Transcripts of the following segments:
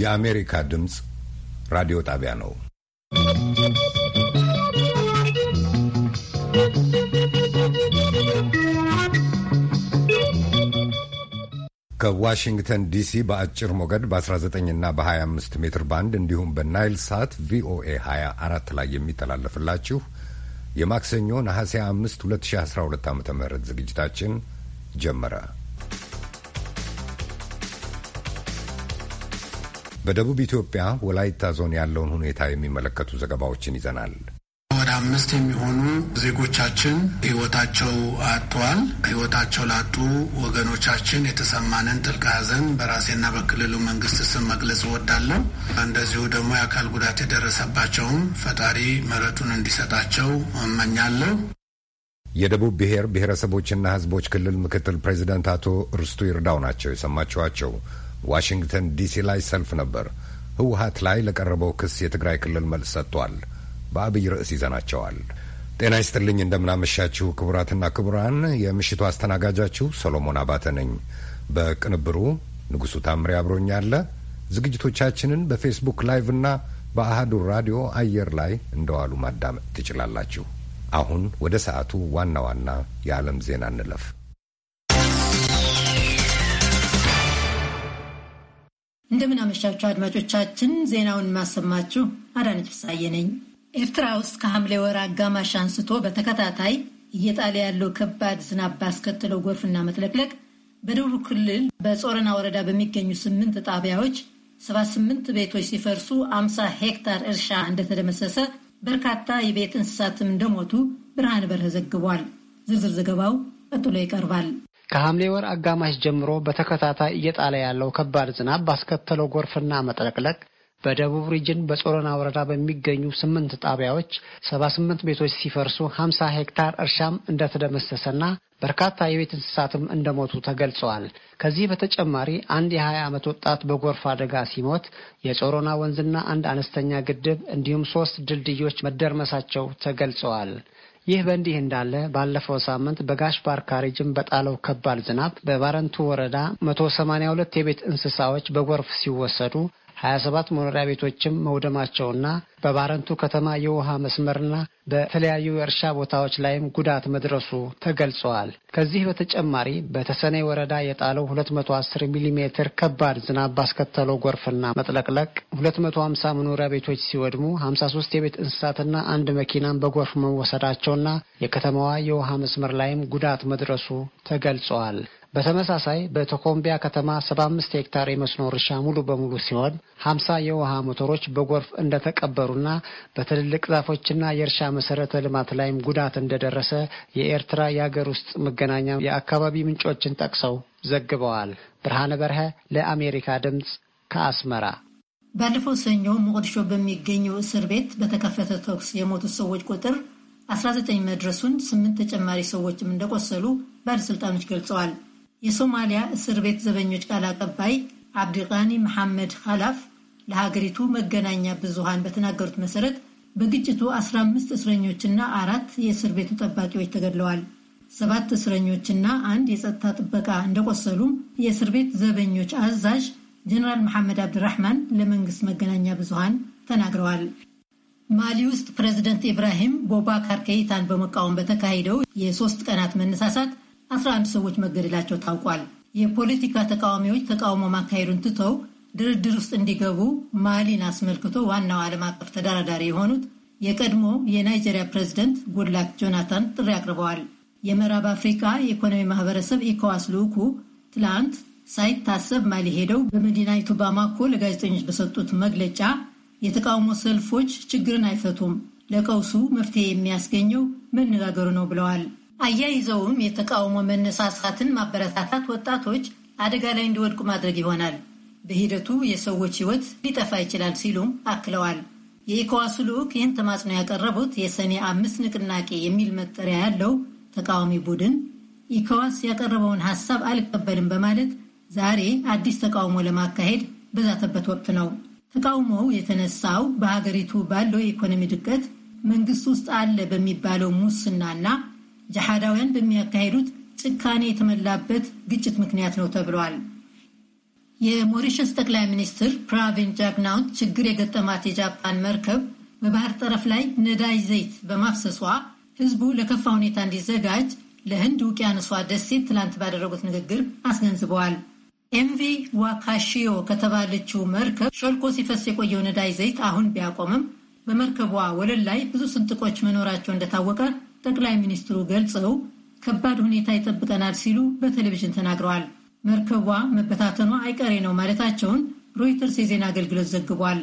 የአሜሪካ ድምፅ ራዲዮ ጣቢያ ነው። ከዋሽንግተን ዲሲ በአጭር ሞገድ በ19 እና በ25 ሜትር ባንድ እንዲሁም በናይል ሳት ቪኦኤ 24 ላይ የሚተላለፍላችሁ የማክሰኞ ነሐሴ 5 2012 ዓ ም ዝግጅታችን ጀመረ። በደቡብ ኢትዮጵያ ወላይታ ዞን ያለውን ሁኔታ የሚመለከቱ ዘገባዎችን ይዘናል። ወደ አምስት የሚሆኑ ዜጎቻችን ህይወታቸው አጥተዋል። ህይወታቸው ላጡ ወገኖቻችን የተሰማንን ጥልቅ ሐዘን በራሴና በክልሉ መንግስት ስም መግለጽ እወዳለሁ። እንደዚሁ ደግሞ የአካል ጉዳት የደረሰባቸውም ፈጣሪ ምሕረቱን እንዲሰጣቸው እመኛለሁ። የደቡብ ብሔር ብሔረሰቦችና ህዝቦች ክልል ምክትል ፕሬዚደንት አቶ ርስቱ ይርዳው ናቸው የሰማችኋቸው። ዋሽንግተን ዲሲ ላይ ሰልፍ ነበር። ህወሀት ላይ ለቀረበው ክስ የትግራይ ክልል መልስ ሰጥቷል። በአብይ ርዕስ ይዘናቸዋል። ጤና ይስጥልኝ፣ እንደምናመሻችሁ ክቡራትና ክቡራን። የምሽቱ አስተናጋጃችሁ ሰሎሞን አባተ ነኝ። በቅንብሩ ንጉሡ ታምሬ አብሮኛለ። ዝግጅቶቻችንን በፌስቡክ ላይቭ እና በአህዱ ራዲዮ አየር ላይ እንደዋሉ ማዳመጥ ትችላላችሁ። አሁን ወደ ሰዓቱ ዋና ዋና የዓለም ዜና እንለፍ። እንደምን አመሻችሁ አድማጮቻችን። ዜናውን የማሰማችሁ አዳነች ፍሳዬ ነኝ። ኤርትራ ውስጥ ከሐምሌ ወር አጋማሽ አንስቶ በተከታታይ እየጣለ ያለው ከባድ ዝናብ ባስከትለው ጎርፍና መጥለቅለቅ በደቡብ ክልል በጾረና ወረዳ በሚገኙ ስምንት ጣቢያዎች 78 ቤቶች ሲፈርሱ አምሳ ሄክታር እርሻ እንደተደመሰሰ በርካታ የቤት እንስሳትም እንደሞቱ ብርሃን በርህ ዘግቧል። ዝርዝር ዘገባው ቀጥሎ ይቀርባል። ከሐምሌ ወር አጋማሽ ጀምሮ በተከታታይ እየጣለ ያለው ከባድ ዝናብ ባስከተለው ጎርፍና መጥለቅለቅ በደቡብ ሪጅን በጾረና ወረዳ በሚገኙ ስምንት ጣቢያዎች ሰባ ስምንት ቤቶች ሲፈርሱ ሀምሳ ሄክታር እርሻም እንደተደመሰሰና በርካታ የቤት እንስሳትም እንደሞቱ ተገልጸዋል። ከዚህ በተጨማሪ አንድ የሀያ ዓመት ወጣት በጎርፍ አደጋ ሲሞት የጾሮና ወንዝና አንድ አነስተኛ ግድብ እንዲሁም ሶስት ድልድዮች መደርመሳቸው ተገልጸዋል። ይህ በእንዲህ እንዳለ ባለፈው ሳምንት በጋሽ ባርካሪ ጅም በጣለው ከባድ ዝናብ በባረንቱ ወረዳ 182 የቤት እንስሳዎች በጎርፍ ሲወሰዱ ሀያ ሰባት መኖሪያ ቤቶችም መውደማቸውና በባረንቱ ከተማ የውሃ መስመርና በተለያዩ የእርሻ ቦታዎች ላይም ጉዳት መድረሱ ተገልጸዋል። ከዚህ በተጨማሪ በተሰኔ ወረዳ የጣለው 210 ሚሊ ሜትር ከባድ ዝናብ ባስከተለው ጎርፍና መጥለቅለቅ 250 መኖሪያ ቤቶች ሲወድሙ 53 የቤት እንስሳትና አንድ መኪናም በጎርፍ መወሰዳቸውና የከተማዋ የውሃ መስመር ላይም ጉዳት መድረሱ ተገልጸዋል። በተመሳሳይ በቶኮምቢያ ከተማ 75 ሄክታር የመስኖ እርሻ ሙሉ በሙሉ ሲሆን 50 የውሃ ሞተሮች በጎርፍ እንደተቀበሩና በትልልቅ ዛፎችና የእርሻ መሰረተ ልማት ላይም ጉዳት እንደደረሰ የኤርትራ የአገር ውስጥ መገናኛ የአካባቢ ምንጮችን ጠቅሰው ዘግበዋል። ብርሃነ በርሀ ለአሜሪካ ድምፅ ከአስመራ። ባለፈው ሰኞ ሞቃዲሾ በሚገኘው እስር ቤት በተከፈተ ተኩስ የሞቱት ሰዎች ቁጥር 19 መድረሱን፣ ስምንት ተጨማሪ ሰዎችም እንደቆሰሉ ባለስልጣኖች ገልጸዋል። የሶማሊያ እስር ቤት ዘበኞች ቃል አቀባይ አብዲቃኒ መሐመድ ሃላፍ ለሀገሪቱ መገናኛ ብዙሃን በተናገሩት መሰረት በግጭቱ 15 እስረኞችና አራት የእስር ቤቱ ጠባቂዎች ተገድለዋል። ሰባት እስረኞችና አንድ የጸጥታ ጥበቃ እንደቆሰሉም የእስር ቤት ዘበኞች አዛዥ ጀነራል መሐመድ አብድራህማን ለመንግስት መገናኛ ብዙሃን ተናግረዋል። ማሊ ውስጥ ፕሬዚደንት ኢብራሂም ቦባካር ከይታን በመቃወም በተካሄደው የሶስት ቀናት መነሳሳት 11 ሰዎች መገደላቸው ታውቋል። የፖለቲካ ተቃዋሚዎች ተቃውሞ ማካሄዱን ትተው ድርድር ውስጥ እንዲገቡ ማሊን አስመልክቶ ዋናው ዓለም አቀፍ ተደራዳሪ የሆኑት የቀድሞ የናይጄሪያ ፕሬዚደንት ጉድላክ ጆናታን ጥሪ አቅርበዋል። የምዕራብ አፍሪካ የኢኮኖሚ ማህበረሰብ ኢኮዋስ ልዑኩ ትላንት ሳይታሰብ ማሊ ሄደው በመዲናይቱ ባማኮ ለጋዜጠኞች በሰጡት መግለጫ የተቃውሞ ሰልፎች ችግርን አይፈቱም፣ ለቀውሱ መፍትሄ የሚያስገኘው መነጋገሩ ነው ብለዋል። አያይዘውም የተቃውሞ መነሳሳትን ማበረታታት ወጣቶች አደጋ ላይ እንዲወድቁ ማድረግ ይሆናል፣ በሂደቱ የሰዎች ሕይወት ሊጠፋ ይችላል ሲሉም አክለዋል። የኢኮዋሱ ልዑክ ይህን ተማጽኖ ያቀረቡት የሰኔ አምስት ንቅናቄ የሚል መጠሪያ ያለው ተቃዋሚ ቡድን ኢኮዋስ ያቀረበውን ሀሳብ አልቀበልም በማለት ዛሬ አዲስ ተቃውሞ ለማካሄድ በዛተበት ወቅት ነው። ተቃውሞው የተነሳው በሀገሪቱ ባለው የኢኮኖሚ ድቀት፣ መንግስት ውስጥ አለ በሚባለው ሙስናና ጀሓዳውያን በሚያካሂዱት ጭካኔ የተመላበት ግጭት ምክንያት ነው ተብለዋል። የሞሪሸስ ጠቅላይ ሚኒስትር ፕራቪን ጃግናውት ችግር የገጠማት የጃፓን መርከብ በባህር ጠረፍ ላይ ነዳጅ ዘይት በማፍሰሷ ህዝቡ ለከፋ ሁኔታ እንዲዘጋጅ ለህንድ ውቅያንሷ ደሴት ትላንት ባደረጉት ንግግር አስገንዝበዋል። ኤምቪ ዋካሺዮ ከተባለችው መርከብ ሾልኮ ሲፈስ የቆየው ነዳጅ ዘይት አሁን ቢያቆምም በመርከቧ ወለል ላይ ብዙ ስንጥቆች መኖራቸው እንደታወቀ ጠቅላይ ሚኒስትሩ ገልጸው ከባድ ሁኔታ ይጠብቀናል ሲሉ በቴሌቪዥን ተናግረዋል። መርከቧ መበታተኗ አይቀሬ ነው ማለታቸውን ሮይተርስ የዜና አገልግሎት ዘግቧል።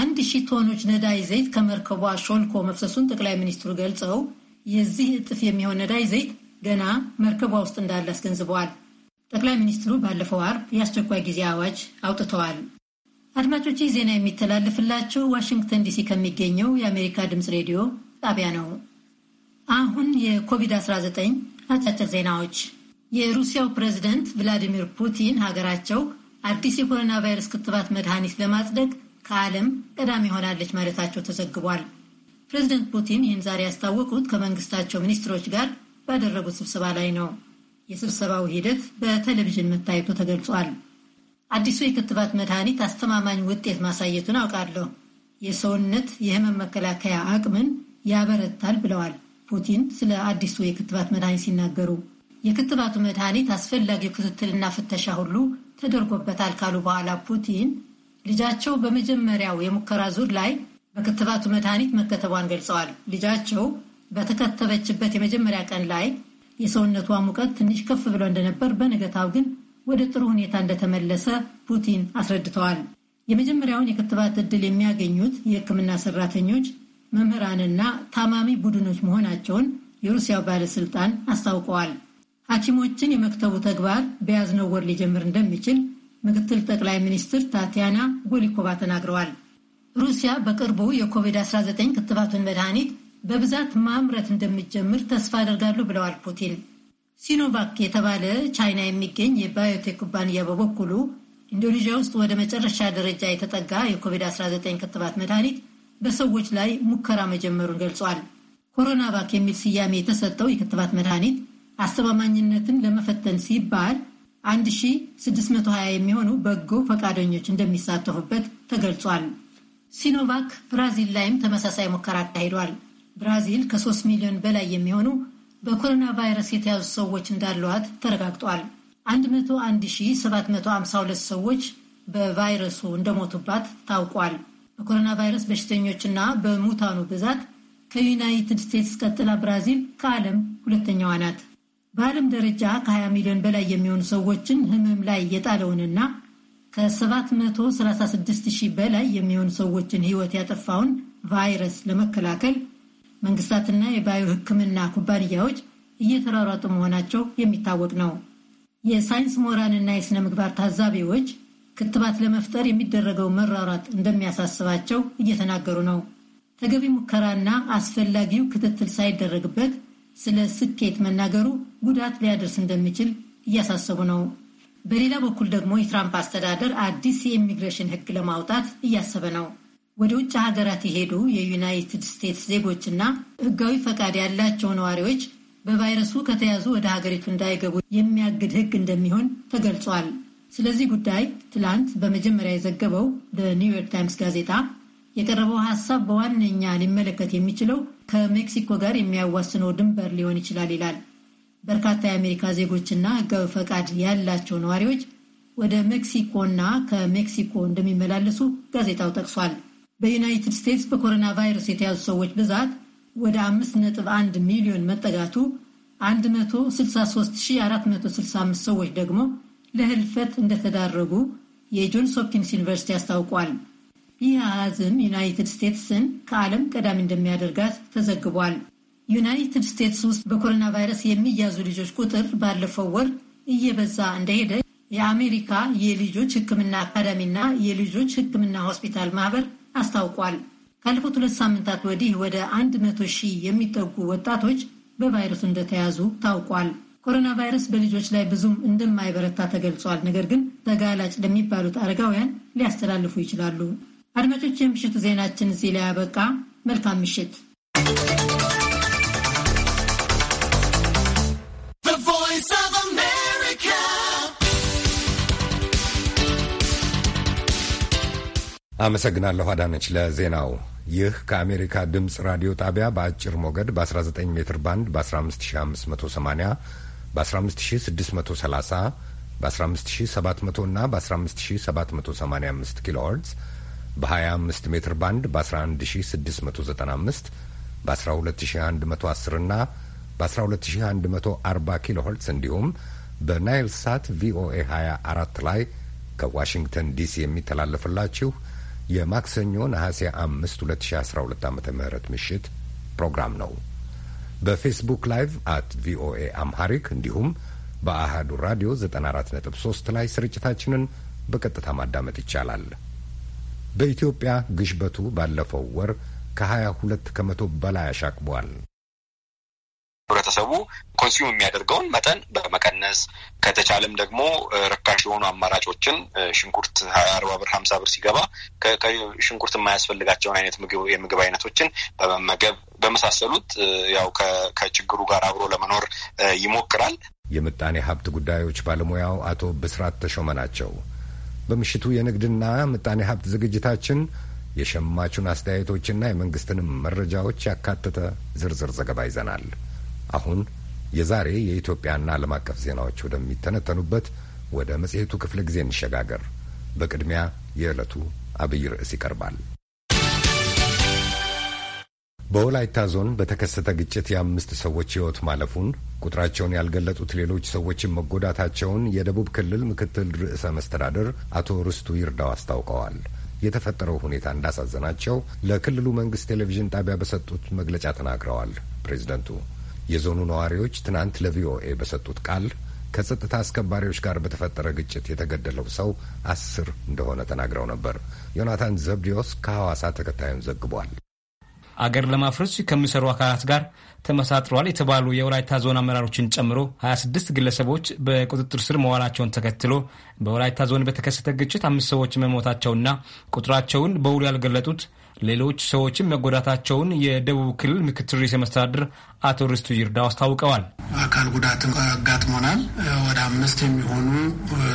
አንድ ሺህ ቶኖች ነዳይ ዘይት ከመርከቧ ሾልኮ መፍሰሱን ጠቅላይ ሚኒስትሩ ገልጸው የዚህ እጥፍ የሚሆን ነዳይ ዘይት ገና መርከቧ ውስጥ እንዳለ አስገንዝበዋል። ጠቅላይ ሚኒስትሩ ባለፈው አርብ የአስቸኳይ ጊዜ አዋጅ አውጥተዋል። አድማጮች፣ ዜና የሚተላለፍላችሁ ዋሽንግተን ዲሲ ከሚገኘው የአሜሪካ ድምፅ ሬዲዮ ጣቢያ ነው። አሁን የኮቪድ-19 አጫጭር ዜናዎች። የሩሲያው ፕሬዚደንት ቭላዲሚር ፑቲን ሀገራቸው አዲስ የኮሮና ቫይረስ ክትባት መድኃኒት ለማጽደቅ ከዓለም ቀዳሚ ሆናለች ማለታቸው ተዘግቧል። ፕሬዚደንት ፑቲን ይህን ዛሬ ያስታወቁት ከመንግስታቸው ሚኒስትሮች ጋር ባደረጉት ስብሰባ ላይ ነው። የስብሰባው ሂደት በቴሌቪዥን መታየቱ ተገልጿል። አዲሱ የክትባት መድኃኒት አስተማማኝ ውጤት ማሳየቱን አውቃለሁ፣ የሰውነት የህመም መከላከያ አቅምን ያበረታል ብለዋል ፑቲን ስለ አዲሱ የክትባት መድኃኒት ሲናገሩ የክትባቱ መድኃኒት አስፈላጊው ክትትልና ፍተሻ ሁሉ ተደርጎበታል ካሉ በኋላ ፑቲን ልጃቸው በመጀመሪያው የሙከራ ዙር ላይ በክትባቱ መድኃኒት መከተቧን ገልጸዋል። ልጃቸው በተከተበችበት የመጀመሪያ ቀን ላይ የሰውነቷ ሙቀት ትንሽ ከፍ ብሎ እንደነበር፣ በነገታው ግን ወደ ጥሩ ሁኔታ እንደተመለሰ ፑቲን አስረድተዋል። የመጀመሪያውን የክትባት ዕድል የሚያገኙት የሕክምና ሰራተኞች መምህራንና ታማሚ ቡድኖች መሆናቸውን የሩሲያው ባለስልጣን አስታውቀዋል። ሐኪሞችን የመክተቡ ተግባር በያዝነው ወር ሊጀምር እንደሚችል ምክትል ጠቅላይ ሚኒስትር ታቲያና ጎሊኮቫ ተናግረዋል። ሩሲያ በቅርቡ የኮቪድ-19 ክትባቱን መድኃኒት በብዛት ማምረት እንደሚጀምር ተስፋ አደርጋሉ ብለዋል ፑቲን። ሲኖቫክ የተባለ ቻይና የሚገኝ የባዮቴክ ኩባንያ በበኩሉ ኢንዶኔዥያ ውስጥ ወደ መጨረሻ ደረጃ የተጠጋ የኮቪድ-19 ክትባት መድኃኒት በሰዎች ላይ ሙከራ መጀመሩን ገልጿል። ኮሮና ቫክ የሚል ስያሜ የተሰጠው የክትባት መድኃኒት አስተማማኝነትን ለመፈተን ሲባል 1620 የሚሆኑ በጎ ፈቃደኞች እንደሚሳተፉበት ተገልጿል። ሲኖቫክ ብራዚል ላይም ተመሳሳይ ሙከራ አካሂዷል። ብራዚል ከ3 ሚሊዮን በላይ የሚሆኑ በኮሮና ቫይረስ የተያዙ ሰዎች እንዳሏት ተረጋግጧል። 101752 ሰዎች በቫይረሱ እንደሞቱባት ታውቋል። በኮሮና ቫይረስ በሽተኞችና በሙታኑ ብዛት ከዩናይትድ ስቴትስ ቀጥላ ብራዚል ከዓለም ሁለተኛዋ ናት። በዓለም ደረጃ ከ20 ሚሊዮን በላይ የሚሆኑ ሰዎችን ህመም ላይ የጣለውንና ከ736 ሺህ በላይ የሚሆኑ ሰዎችን ህይወት ያጠፋውን ቫይረስ ለመከላከል መንግስታትና የባዮ ህክምና ኩባንያዎች እየተሯሯጡ መሆናቸው የሚታወቅ ነው። የሳይንስ ምሁራንና የሥነ ምግባር ታዛቢዎች ክትባት ለመፍጠር የሚደረገው መራራት እንደሚያሳስባቸው እየተናገሩ ነው። ተገቢ ሙከራና አስፈላጊው ክትትል ሳይደረግበት ስለ ስኬት መናገሩ ጉዳት ሊያደርስ እንደሚችል እያሳሰቡ ነው። በሌላ በኩል ደግሞ የትራምፕ አስተዳደር አዲስ የኢሚግሬሽን ሕግ ለማውጣት እያሰበ ነው። ወደ ውጭ ሀገራት የሄዱ የዩናይትድ ስቴትስ ዜጎችና ሕጋዊ ፈቃድ ያላቸው ነዋሪዎች በቫይረሱ ከተያዙ ወደ ሀገሪቱ እንዳይገቡ የሚያግድ ሕግ እንደሚሆን ተገልጿል። ስለዚህ ጉዳይ ትላንት በመጀመሪያ የዘገበው በኒውዮርክ ታይምስ ጋዜጣ የቀረበው ሀሳብ በዋነኛ ሊመለከት የሚችለው ከሜክሲኮ ጋር የሚያዋስነው ድንበር ሊሆን ይችላል ይላል። በርካታ የአሜሪካ ዜጎችና ሕጋዊ ፈቃድ ያላቸው ነዋሪዎች ወደ ሜክሲኮና ከሜክሲኮ እንደሚመላለሱ ጋዜጣው ጠቅሷል። በዩናይትድ ስቴትስ በኮሮና ቫይረስ የተያዙ ሰዎች ብዛት ወደ 5.1 ሚሊዮን መጠጋቱ 163465 ሰዎች ደግሞ ለህልፈት እንደተዳረጉ የጆንስ ሆፕኪንስ ዩኒቨርሲቲ አስታውቋል። ይህ አሃዝም ዩናይትድ ስቴትስን ከዓለም ቀዳሚ እንደሚያደርጋት ተዘግቧል። ዩናይትድ ስቴትስ ውስጥ በኮሮና ቫይረስ የሚያዙ ልጆች ቁጥር ባለፈው ወር እየበዛ እንደሄደ የአሜሪካ የልጆች ሕክምና አካዳሚና የልጆች ሕክምና ሆስፒታል ማህበር አስታውቋል። ካለፉት ሁለት ሳምንታት ወዲህ ወደ አንድ መቶ ሺህ የሚጠጉ ወጣቶች በቫይረሱ እንደተያዙ ታውቋል። ኮሮና ቫይረስ በልጆች ላይ ብዙም እንደማይበረታ ተገልጿል። ነገር ግን ተጋላጭ ለሚባሉት አረጋውያን ሊያስተላልፉ ይችላሉ። አድማጮች፣ የምሽቱ ዜናችን እዚህ ላይ ያበቃ። መልካም ምሽት። አመሰግናለሁ አዳነች ለዜናው። ይህ ከአሜሪካ ድምፅ ራዲዮ ጣቢያ በአጭር ሞገድ በ19 ሜትር ባንድ በ15580 በ15630 በ15700 እና በ15785 ኪሎ ሄርዝ በ25 ሜትር ባንድ በ11695 በ12110 እና በ12140 ኪሎ ሄርዝ እንዲሁም በናይል ሳት ቪኦኤ 24 ላይ ከዋሽንግተን ዲሲ የሚተላለፍላችሁ የማክሰኞ ነሐሴ 5 2012 ዓ ም ምሽት ፕሮግራም ነው። በፌስቡክ ላይቭ አት ቪኦኤ አምሃሪክ እንዲሁም በአህዱ ራዲዮ 94.3 ላይ ስርጭታችንን በቀጥታ ማዳመጥ ይቻላል። በኢትዮጵያ ግሽበቱ ባለፈው ወር ከ22 ከመቶ በላይ አሻቅቧል። ህብረተሰቡ ኮንሱም የሚያደርገውን መጠን በመቀነስ ከተቻለም ደግሞ ርካሽ የሆኑ አማራጮችን ሽንኩርት አርባ ብር ሀምሳ ብር ሲገባ ሽንኩርት የማያስፈልጋቸውን አይነት የምግብ አይነቶችን በመመገብ በመሳሰሉት ያው ከችግሩ ጋር አብሮ ለመኖር ይሞክራል። የምጣኔ ሀብት ጉዳዮች ባለሙያው አቶ ብስራት ተሾመ ናቸው። በምሽቱ የንግድና ምጣኔ ሀብት ዝግጅታችን የሸማቹን አስተያየቶችና የመንግስትንም መረጃዎች ያካተተ ዝርዝር ዘገባ ይዘናል። አሁን የዛሬ የኢትዮጵያና ዓለም አቀፍ ዜናዎች ወደሚተነተኑበት ወደ መጽሔቱ ክፍለ ጊዜ እንሸጋገር። በቅድሚያ የዕለቱ አብይ ርዕስ ይቀርባል። በወላይታ ዞን በተከሰተ ግጭት የአምስት ሰዎች ሕይወት ማለፉን ቁጥራቸውን ያልገለጡት ሌሎች ሰዎችን መጎዳታቸውን የደቡብ ክልል ምክትል ርዕሰ መስተዳደር አቶ ርስቱ ይርዳው አስታውቀዋል። የተፈጠረው ሁኔታ እንዳሳዘናቸው ለክልሉ መንግስት ቴሌቪዥን ጣቢያ በሰጡት መግለጫ ተናግረዋል። ፕሬዚደንቱ የዞኑ ነዋሪዎች ትናንት ለቪኦኤ በሰጡት ቃል ከጸጥታ አስከባሪዎች ጋር በተፈጠረ ግጭት የተገደለው ሰው አስር እንደሆነ ተናግረው ነበር። ዮናታን ዘብዲዮስ ከሐዋሳ ተከታዩን ዘግቧል። አገር ለማፍረስ ከሚሰሩ አካላት ጋር ተመሳጥረዋል የተባሉ የወላይታ ዞን አመራሮችን ጨምሮ 26 ግለሰቦች በቁጥጥር ስር መዋላቸውን ተከትሎ በወላይታ ዞን በተከሰተ ግጭት አምስት ሰዎች መሞታቸውና ቁጥራቸውን በውሉ ያልገለጡት ሌሎች ሰዎችም መጎዳታቸውን የደቡብ ክልል ምክትል ርዕሰ መስተዳድር አቶ ርስቱ ይርዳው አስታውቀዋል። አካል ጉዳትም አጋጥሞናል። ወደ አምስት የሚሆኑ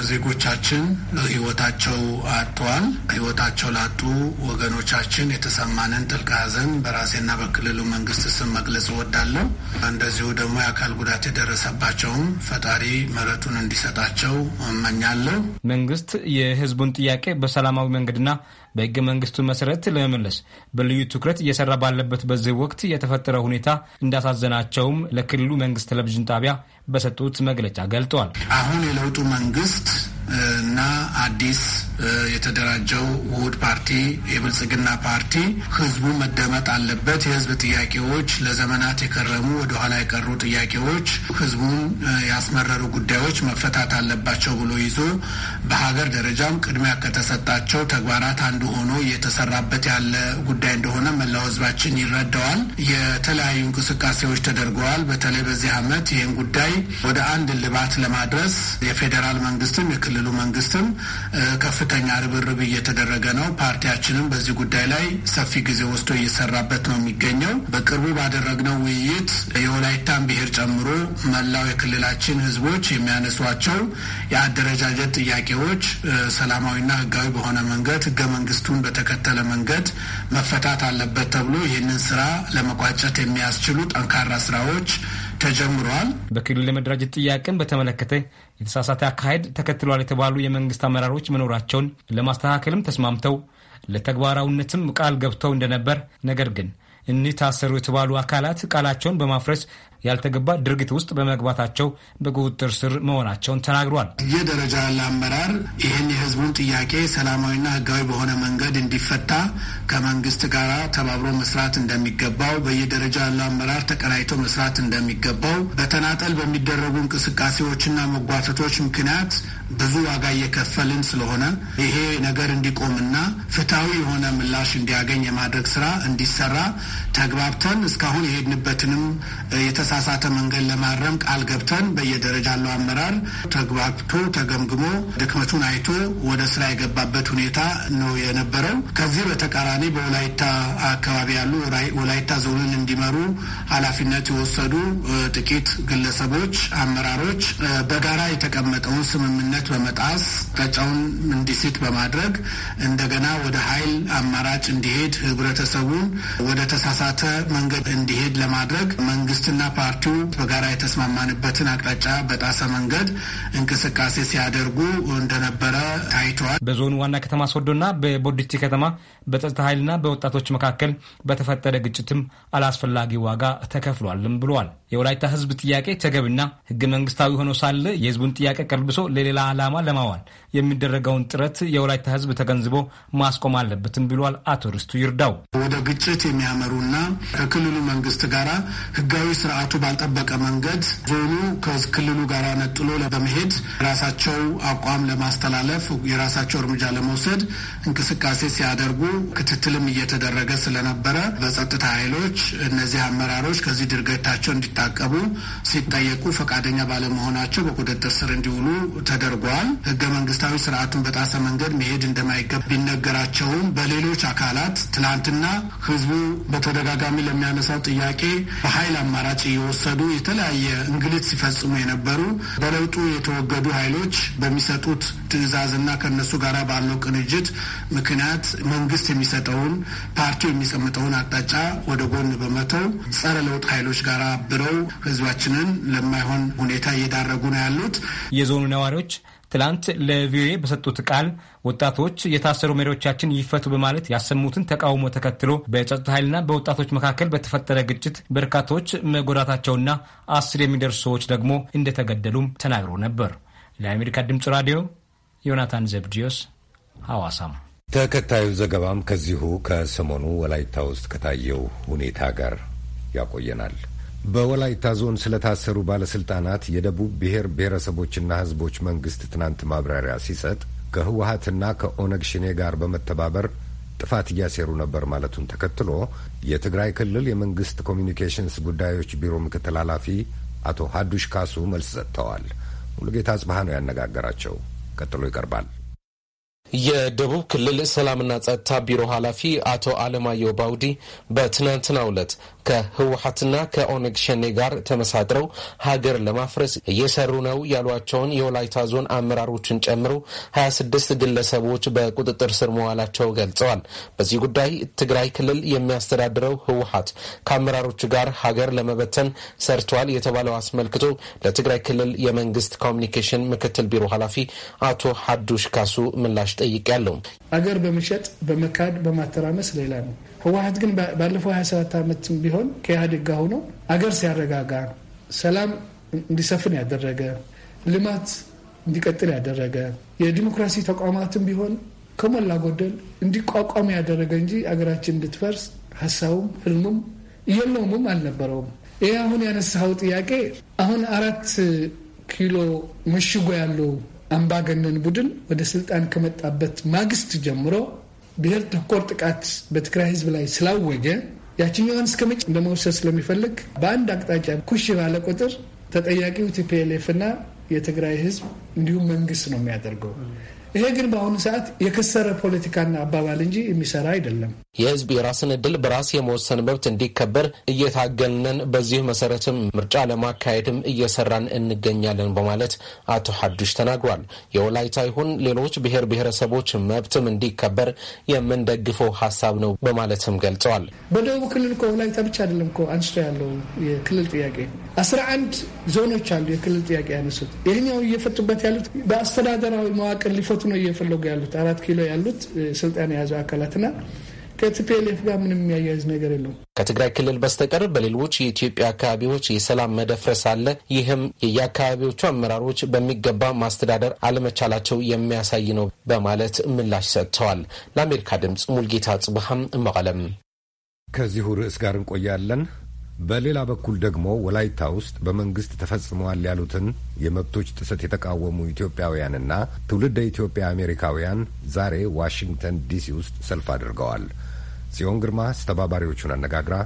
ዜጎቻችን ህይወታቸው አጥተዋል። ህይወታቸው ላጡ ወገኖቻችን የተሰማንን ጥልቅ ሐዘን በራሴና በክልሉ መንግስት ስም መግለጽ እወዳለሁ። እንደዚሁ ደግሞ የአካል ጉዳት የደረሰባቸውም ፈጣሪ ምሕረቱን እንዲሰጣቸው እመኛለሁ። መንግስት የህዝቡን ጥያቄ በሰላማዊ መንገድና በህገ መንግስቱ መሰረት ለመመለስ በልዩ ትኩረት እየሰራ ባለበት በዚህ ወቅት የተፈጠረው ሁኔታ እንዳሳዘናቸውም ለክልሉ መንግስት ቴሌቪዥን ጣቢያ በሰጡት መግለጫ ገልጠዋል። አሁን የለውጡ መንግስት እና አዲስ የተደራጀው ውሁድ ፓርቲ የብልጽግና ፓርቲ ህዝቡ መደመጥ አለበት። የህዝብ ጥያቄዎች ለዘመናት የከረሙ ወደኋላ የቀሩ ጥያቄዎች፣ ህዝቡን ያስመረሩ ጉዳዮች መፈታት አለባቸው ብሎ ይዞ በሀገር ደረጃም ቅድሚያ ከተሰጣቸው ተግባራት አንዱ ሆኖ እየተሰራበት ያለ ጉዳይ እንደሆነ መላው ህዝባችን ይረዳዋል። የተለያዩ እንቅስቃሴዎች ተደርገዋል። በተለይ በዚህ አመት ይህን ጉዳይ ወደ አንድ ልባት ለማድረስ የፌዴራል መንግስትም የክልሉ መንግስትም ከፍ ከፍተኛ ርብርብ እየተደረገ ነው። ፓርቲያችንም በዚህ ጉዳይ ላይ ሰፊ ጊዜ ወስዶ እየሰራበት ነው የሚገኘው። በቅርቡ ባደረግነው ውይይት የወላይታን ብሔር ጨምሮ መላው የክልላችን ህዝቦች የሚያነሷቸው የአደረጃጀት ጥያቄዎች ሰላማዊና ህጋዊ በሆነ መንገድ ህገ መንግስቱን በተከተለ መንገድ መፈታት አለበት ተብሎ ይህንን ስራ ለመቋጨት የሚያስችሉ ጠንካራ ስራዎች ተጀምሯል። በክልሉ የመደራጀት ጥያቄን በተመለከተ የተሳሳተ አካሄድ ተከትሏል የተባሉ የመንግስት አመራሮች መኖራቸውን ለማስተካከልም ተስማምተው ለተግባራዊነትም ቃል ገብተው እንደነበር ነገር ግን እኒህ ታሰሩ የተባሉ አካላት ቃላቸውን በማፍረስ ያልተገባ ድርጊት ውስጥ በመግባታቸው በቁጥጥር ስር መሆናቸውን ተናግሯል። የደረጃ ያለ አመራር ይህን የህዝቡን ጥያቄ ሰላማዊና ህጋዊ በሆነ መንገድ እንዲፈታ ከመንግስት ጋር ተባብሮ መስራት እንደሚገባው፣ በየደረጃ ያለ አመራር ተቀናይቶ መስራት እንደሚገባው፣ በተናጠል በሚደረጉ እንቅስቃሴዎችና መጓተቶች ምክንያት ብዙ ዋጋ እየከፈልን ስለሆነ ይሄ ነገር እንዲቆምና ፍትሐዊ የሆነ ምላሽ እንዲያገኝ የማድረግ ስራ እንዲሰራ ተግባብተን እስካሁን የሄድንበትንም የተ የተሳሳተ መንገድ ለማረም ቃል ገብተን በየደረጃ ያለው አመራር ተግባብቶ ተገምግሞ ድክመቱን አይቶ ወደ ስራ የገባበት ሁኔታ ነው የነበረው። ከዚህ በተቃራኒ በወላይታ አካባቢ ያሉ ወላይታ ዞንን እንዲመሩ ኃላፊነት የወሰዱ ጥቂት ግለሰቦች፣ አመራሮች በጋራ የተቀመጠውን ስምምነት በመጣስ አቅጣጫውን እንዲስት በማድረግ እንደገና ወደ ኃይል አማራጭ እንዲሄድ ህብረተሰቡን ወደ ተሳሳተ መንገድ እንዲሄድ ለማድረግ መንግስትና ፓርቲው በጋራ የተስማማንበትን አቅጣጫ በጣሰ መንገድ እንቅስቃሴ ሲያደርጉ እንደነበረ ታይተዋል። በዞኑ ዋና ከተማ ሶዶና በቦዲቲ ከተማ በጸጥታ ኃይልና በወጣቶች መካከል በተፈጠረ ግጭትም አላስፈላጊ ዋጋ ተከፍሏልም ብሏል። የወላይታ ህዝብ ጥያቄ ተገቢና ህገ መንግስታዊ ሆኖ ሳለ የህዝቡን ጥያቄ ቀልብሶ ለሌላ ዓላማ ለማዋል የሚደረገውን ጥረት የወላይታ ህዝብ ተገንዝቦ ማስቆም አለበትም ብሏል። አቶ ርስቱ ይርዳው ወደ ግጭት የሚያመሩና ከክልሉ መንግስት ጋራ ህጋዊ ስርዓቱ ባልጠበቀ መንገድ ዞኑ ከክልሉ ጋር ነጥሎ በመሄድ የራሳቸው አቋም ለማስተላለፍ የራሳቸው እርምጃ ለመውሰድ እንቅስቃሴ ሲያደርጉ ክትትልም እየተደረገ ስለነበረ በጸጥታ ኃይሎች እነዚህ አመራሮች ከዚህ ድርገታቸው እንዲታ እንዲታቀቡ ሲጠየቁ ፈቃደኛ ባለመሆናቸው በቁጥጥር ስር እንዲውሉ ተደርጓል። ህገ መንግስታዊ ስርዓቱን በጣሰ መንገድ መሄድ እንደማይገባ ቢነገራቸውም በሌሎች አካላት ትናንትና ህዝቡ በተደጋጋሚ ለሚያነሳው ጥያቄ በኃይል አማራጭ እየወሰዱ የተለያየ እንግልት ሲፈጽሙ የነበሩ በለውጡ የተወገዱ ኃይሎች በሚሰጡት ትዕዛዝና ከነሱ ጋር ባለው ቅንጅት ምክንያት መንግስት የሚሰጠውን ፓርቲው የሚቀምጠውን አቅጣጫ ወደ ጎን በመተው ጸረ ለውጥ ኃይሎች ጋር አብረው ተደራጅተው ህዝባችንን ለማይሆን ሁኔታ እየዳረጉ ነው ያሉት የዞኑ ነዋሪዎች ትላንት ለቪኦኤ በሰጡት ቃል ወጣቶች የታሰሩ መሪዎቻችን ይፈቱ በማለት ያሰሙትን ተቃውሞ ተከትሎ በጸጥታ ኃይልና በወጣቶች መካከል በተፈጠረ ግጭት በርካቶች መጎዳታቸውና አስር የሚደርሱ ሰዎች ደግሞ እንደተገደሉም ተናግሮ ነበር። ለአሜሪካ ድምፅ ራዲዮ ዮናታን ዘብዲዮስ ሐዋሳም። ተከታዩ ዘገባም ከዚሁ ከሰሞኑ ወላይታ ውስጥ ከታየው ሁኔታ ጋር ያቆየናል። በወላይታ ዞን ስለታሰሩ ባለስልጣናት የደቡብ ብሔር ብሔረሰቦችና ሕዝቦች መንግስት ትናንት ማብራሪያ ሲሰጥ ከህወሀትና ከኦነግ ሽኔ ጋር በመተባበር ጥፋት እያሴሩ ነበር ማለቱን ተከትሎ የትግራይ ክልል የመንግስት ኮሚኒኬሽንስ ጉዳዮች ቢሮ ምክትል ኃላፊ አቶ ሀዱሽ ካሱ መልስ ሰጥተዋል። ሙሉጌታ አጽብሃ ነው ያነጋገራቸው። ቀጥሎ ይቀርባል። የደቡብ ክልል ሰላምና ጸጥታ ቢሮ ኃላፊ አቶ አለማየሁ ባውዲ በትናንትናው ዕለት ከህወሀትና ከኦነግ ሸኔ ጋር ተመሳጥረው ሀገር ለማፍረስ እየሰሩ ነው ያሏቸውን የወላይታ ዞን አመራሮችን ጨምሮ 2ስድስት ግለሰቦች በቁጥጥር ስር መዋላቸው ገልጸዋል። በዚህ ጉዳይ ትግራይ ክልል የሚያስተዳድረው ህወሀት ከአመራሮቹ ጋር ሀገር ለመበተን ሰርቷል የተባለው አስመልክቶ ለትግራይ ክልል የመንግስት ኮሚኒኬሽን ምክትል ቢሮ ኃላፊ አቶ ሀዱሽ ካሱ ምላሽ ጠይቄያለሁ። አገር በመሸጥ በመካድ በማተራመስ ሌላ ነው። ህወሀት ግን ባለፈው 27 ዓመት ቢሆን ከኢህአዴግ ጋር ሆኖ አገር ሲያረጋጋ ሰላም እንዲሰፍን ያደረገ ልማት እንዲቀጥል ያደረገ የዲሞክራሲ ተቋማትም ቢሆን ከሞላ ጎደል እንዲቋቋም ያደረገ እንጂ አገራችን እንድትፈርስ ሀሳቡም ህልሙም የለውምም አልነበረውም። ይህ አሁን ያነሳኸው ጥያቄ አሁን አራት ኪሎ መሽጎ ያለው አምባገነን ቡድን ወደ ስልጣን ከመጣበት ማግስት ጀምሮ ብሔር ተኮር ጥቃት በትግራይ ህዝብ ላይ ስላወጀ ያችኛዋን እስከ መጭ እንደመውሰድ ስለሚፈልግ በአንድ አቅጣጫ ኩሽ ባለ ቁጥር ተጠያቂው ቲፒኤልኤፍ ና የትግራይ ህዝብ እንዲሁም መንግስት ነው የሚያደርገው። ይሄ ግን በአሁኑ ሰዓት የከሰረ ፖለቲካና አባባል እንጂ የሚሰራ አይደለም። የህዝብ የራስን እድል በራስ የመወሰን መብት እንዲከበር እየታገልነን፣ በዚህ መሰረትም ምርጫ ለማካሄድም እየሰራን እንገኛለን በማለት አቶ ሀዱሽ ተናግሯል። የወላይታ ይሁን ሌሎች ብሔር ብሔረሰቦች መብትም እንዲከበር የምንደግፈው ሀሳብ ነው በማለትም ገልጸዋል። በደቡብ ክልል ወላይታ ብቻ አይደለም እኮ አንስቶ ያለው የክልል ጥያቄ አስራ አንድ ዞኖች አሉ የክልል ጥያቄ ያነሱት ይህኛው እየፈቱበት ያሉት በአስተዳደራዊ መዋቅር ሊፈቱ ለውጥ ነው እየፈለጉ ያሉት። አራት ኪሎ ያሉት ስልጣን የያዘው አካላትና ከቲፒኤልኤፍ ጋር ምንም የሚያያዝ ነገር የለውም። ከትግራይ ክልል በስተቀር በሌሎች የኢትዮጵያ አካባቢዎች የሰላም መደፍረስ አለ። ይህም የየአካባቢዎቹ አመራሮች በሚገባ ማስተዳደር አለመቻላቸው የሚያሳይ ነው በማለት ምላሽ ሰጥተዋል። ለአሜሪካ ድምፅ ሙልጌታ ጽብሃም መቀለም። ከዚሁ ርዕስ ጋር እንቆያለን። በሌላ በኩል ደግሞ ወላይታ ውስጥ በመንግስት ተፈጽመዋል ያሉትን የመብቶች ጥሰት የተቃወሙ ኢትዮጵያውያንና ትውልደ ኢትዮጵያ አሜሪካውያን ዛሬ ዋሽንግተን ዲሲ ውስጥ ሰልፍ አድርገዋል። ጽዮን ግርማ አስተባባሪዎቹን አነጋግራ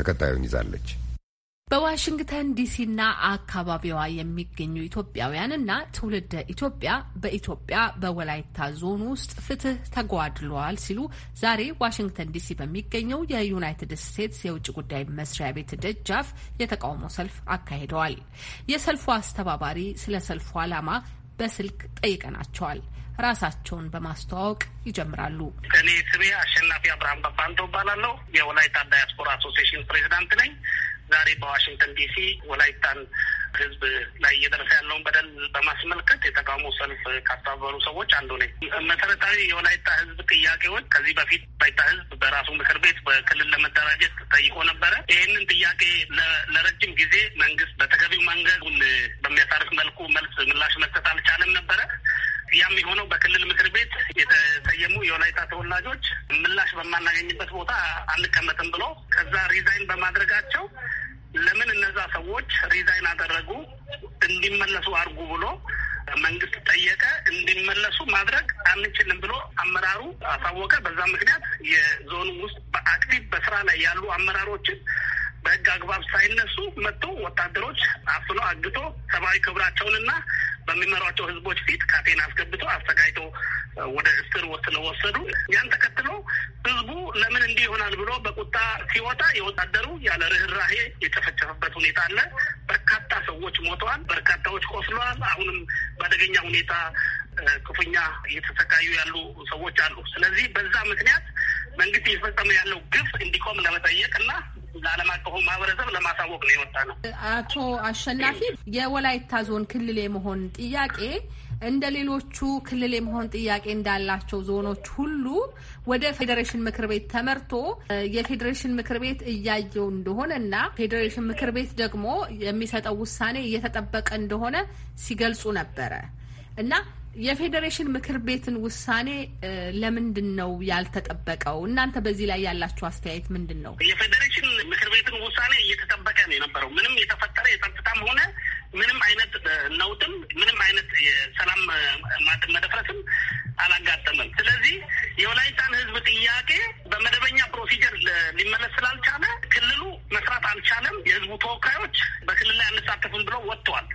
ተከታዩን ይዛለች። በዋሽንግተን ዲሲና አካባቢዋ የሚገኙ ኢትዮጵያውያንና ትውልደ ኢትዮጵያ በኢትዮጵያ በወላይታ ዞን ውስጥ ፍትህ ተጓድለዋል ሲሉ ዛሬ ዋሽንግተን ዲሲ በሚገኘው የዩናይትድ ስቴትስ የውጭ ጉዳይ መስሪያ ቤት ደጃፍ የተቃውሞ ሰልፍ አካሂደዋል። የሰልፉ አስተባባሪ ስለ ሰልፉ ዓላማ በስልክ ጠይቀናቸዋል። ራሳቸውን በማስተዋወቅ ይጀምራሉ። እኔ ስሜ አሸናፊ አብርሃም በባንቶ እባላለሁ። የወላይታ ዳያስፖራ አሶሲሽን ፕሬዚዳንት ነኝ። ዛሬ በዋሽንግተን ዲሲ ወላይታን ህዝብ ላይ እየደረሰ ያለውን በደል በማስመልከት የተቃውሞ ሰልፍ ካስተባበሩ ሰዎች አንዱ ነኝ። መሰረታዊ የወላይታ ህዝብ ጥያቄዎች ከዚህ በፊት ወላይታ ህዝብ በራሱ ምክር ቤት በክልል ለመደራጀት ጠይቆ ነበረ። ይህንን ጥያቄ ለረጅም ጊዜ መንግስት በተገቢው መንገዱን በሚያሳርፍ መልኩ መልስ ምላሽ መስጠት አልቻለም ነበረ። ያም የሆነው በክልል ምክር ቤት የተሰየሙ የወላይታ ተወላጆች ምላሽ በማናገኝበት ቦታ አንቀመጥም ብሎ ከዛ ሪዛይን በማድረጋቸው ለምን እነዛ ሰዎች ሪዛይን አደረጉ እንዲመለሱ አድርጉ ብሎ መንግስት ጠየቀ። እንዲመለሱ ማድረግ አንችልም ብሎ አመራሩ አሳወቀ። በዛ ምክንያት የዞኑ ውስጥ በአክቲቭ በስራ ላይ ያሉ አመራሮችን በህግ አግባብ ሳይነሱ መጥቶ ወታደሮች አፍኖ አግቶ ሰብአዊ ክብራቸውንና በሚመሯቸው ህዝቦች ፊት ካቴና አስገብቶ አሰቃይቶ ወደ እስር ስለወሰዱ ያን ተከትሎ ህዝቡ ለምን እንዲህ ይሆናል ብሎ በቁጣ ሲወጣ የወታደሩ ያለ ርኅራሄ የጨፈጨፈበት ሁኔታ አለ። በርካታ ሰዎች ሞተዋል። በርካታዎች ቆስለዋል። አሁንም በአደገኛ ሁኔታ ክፉኛ እየተሰቃዩ ያሉ ሰዎች አሉ። ስለዚህ በዛ ምክንያት መንግስት እየፈጸመ ያለው ግፍ እንዲቆም ለመጠየቅ እና ለዓለም አቀፉ ማህበረሰብ ለማሳወቅ ነው የወጣ ነው። አቶ አሸናፊ የወላይታ ዞን ክልል የመሆን ጥያቄ እንደ ሌሎቹ ክልል የመሆን ጥያቄ እንዳላቸው ዞኖች ሁሉ ወደ ፌዴሬሽን ምክር ቤት ተመርቶ የፌዴሬሽን ምክር ቤት እያየው እንደሆነ እና ፌዴሬሽን ምክር ቤት ደግሞ የሚሰጠው ውሳኔ እየተጠበቀ እንደሆነ ሲገልጹ ነበረ እና የፌዴሬሽን ምክር ቤትን ውሳኔ ለምንድን ነው ያልተጠበቀው? እናንተ በዚህ ላይ ያላችሁ አስተያየት ምንድን ነው? የፌዴሬሽን ምክር ቤትን ውሳኔ እየተጠበቀ ነው የነበረው። ምንም የተፈጠረ የጸጥታም ሆነ ምንም አይነት ነውጥም ምንም አይነት የሰላም መደፍረስም አላጋጠመም። ስለዚህ የወላይታን ህዝብ ጥያቄ በመደበኛ ፕሮሲጀር ሊመለስ ስላልቻለ ክልሉ መስራት አልቻለም። የህዝቡ ተወካዮች በክልል ላይ አንሳተፍም ብለው ወጥተዋል።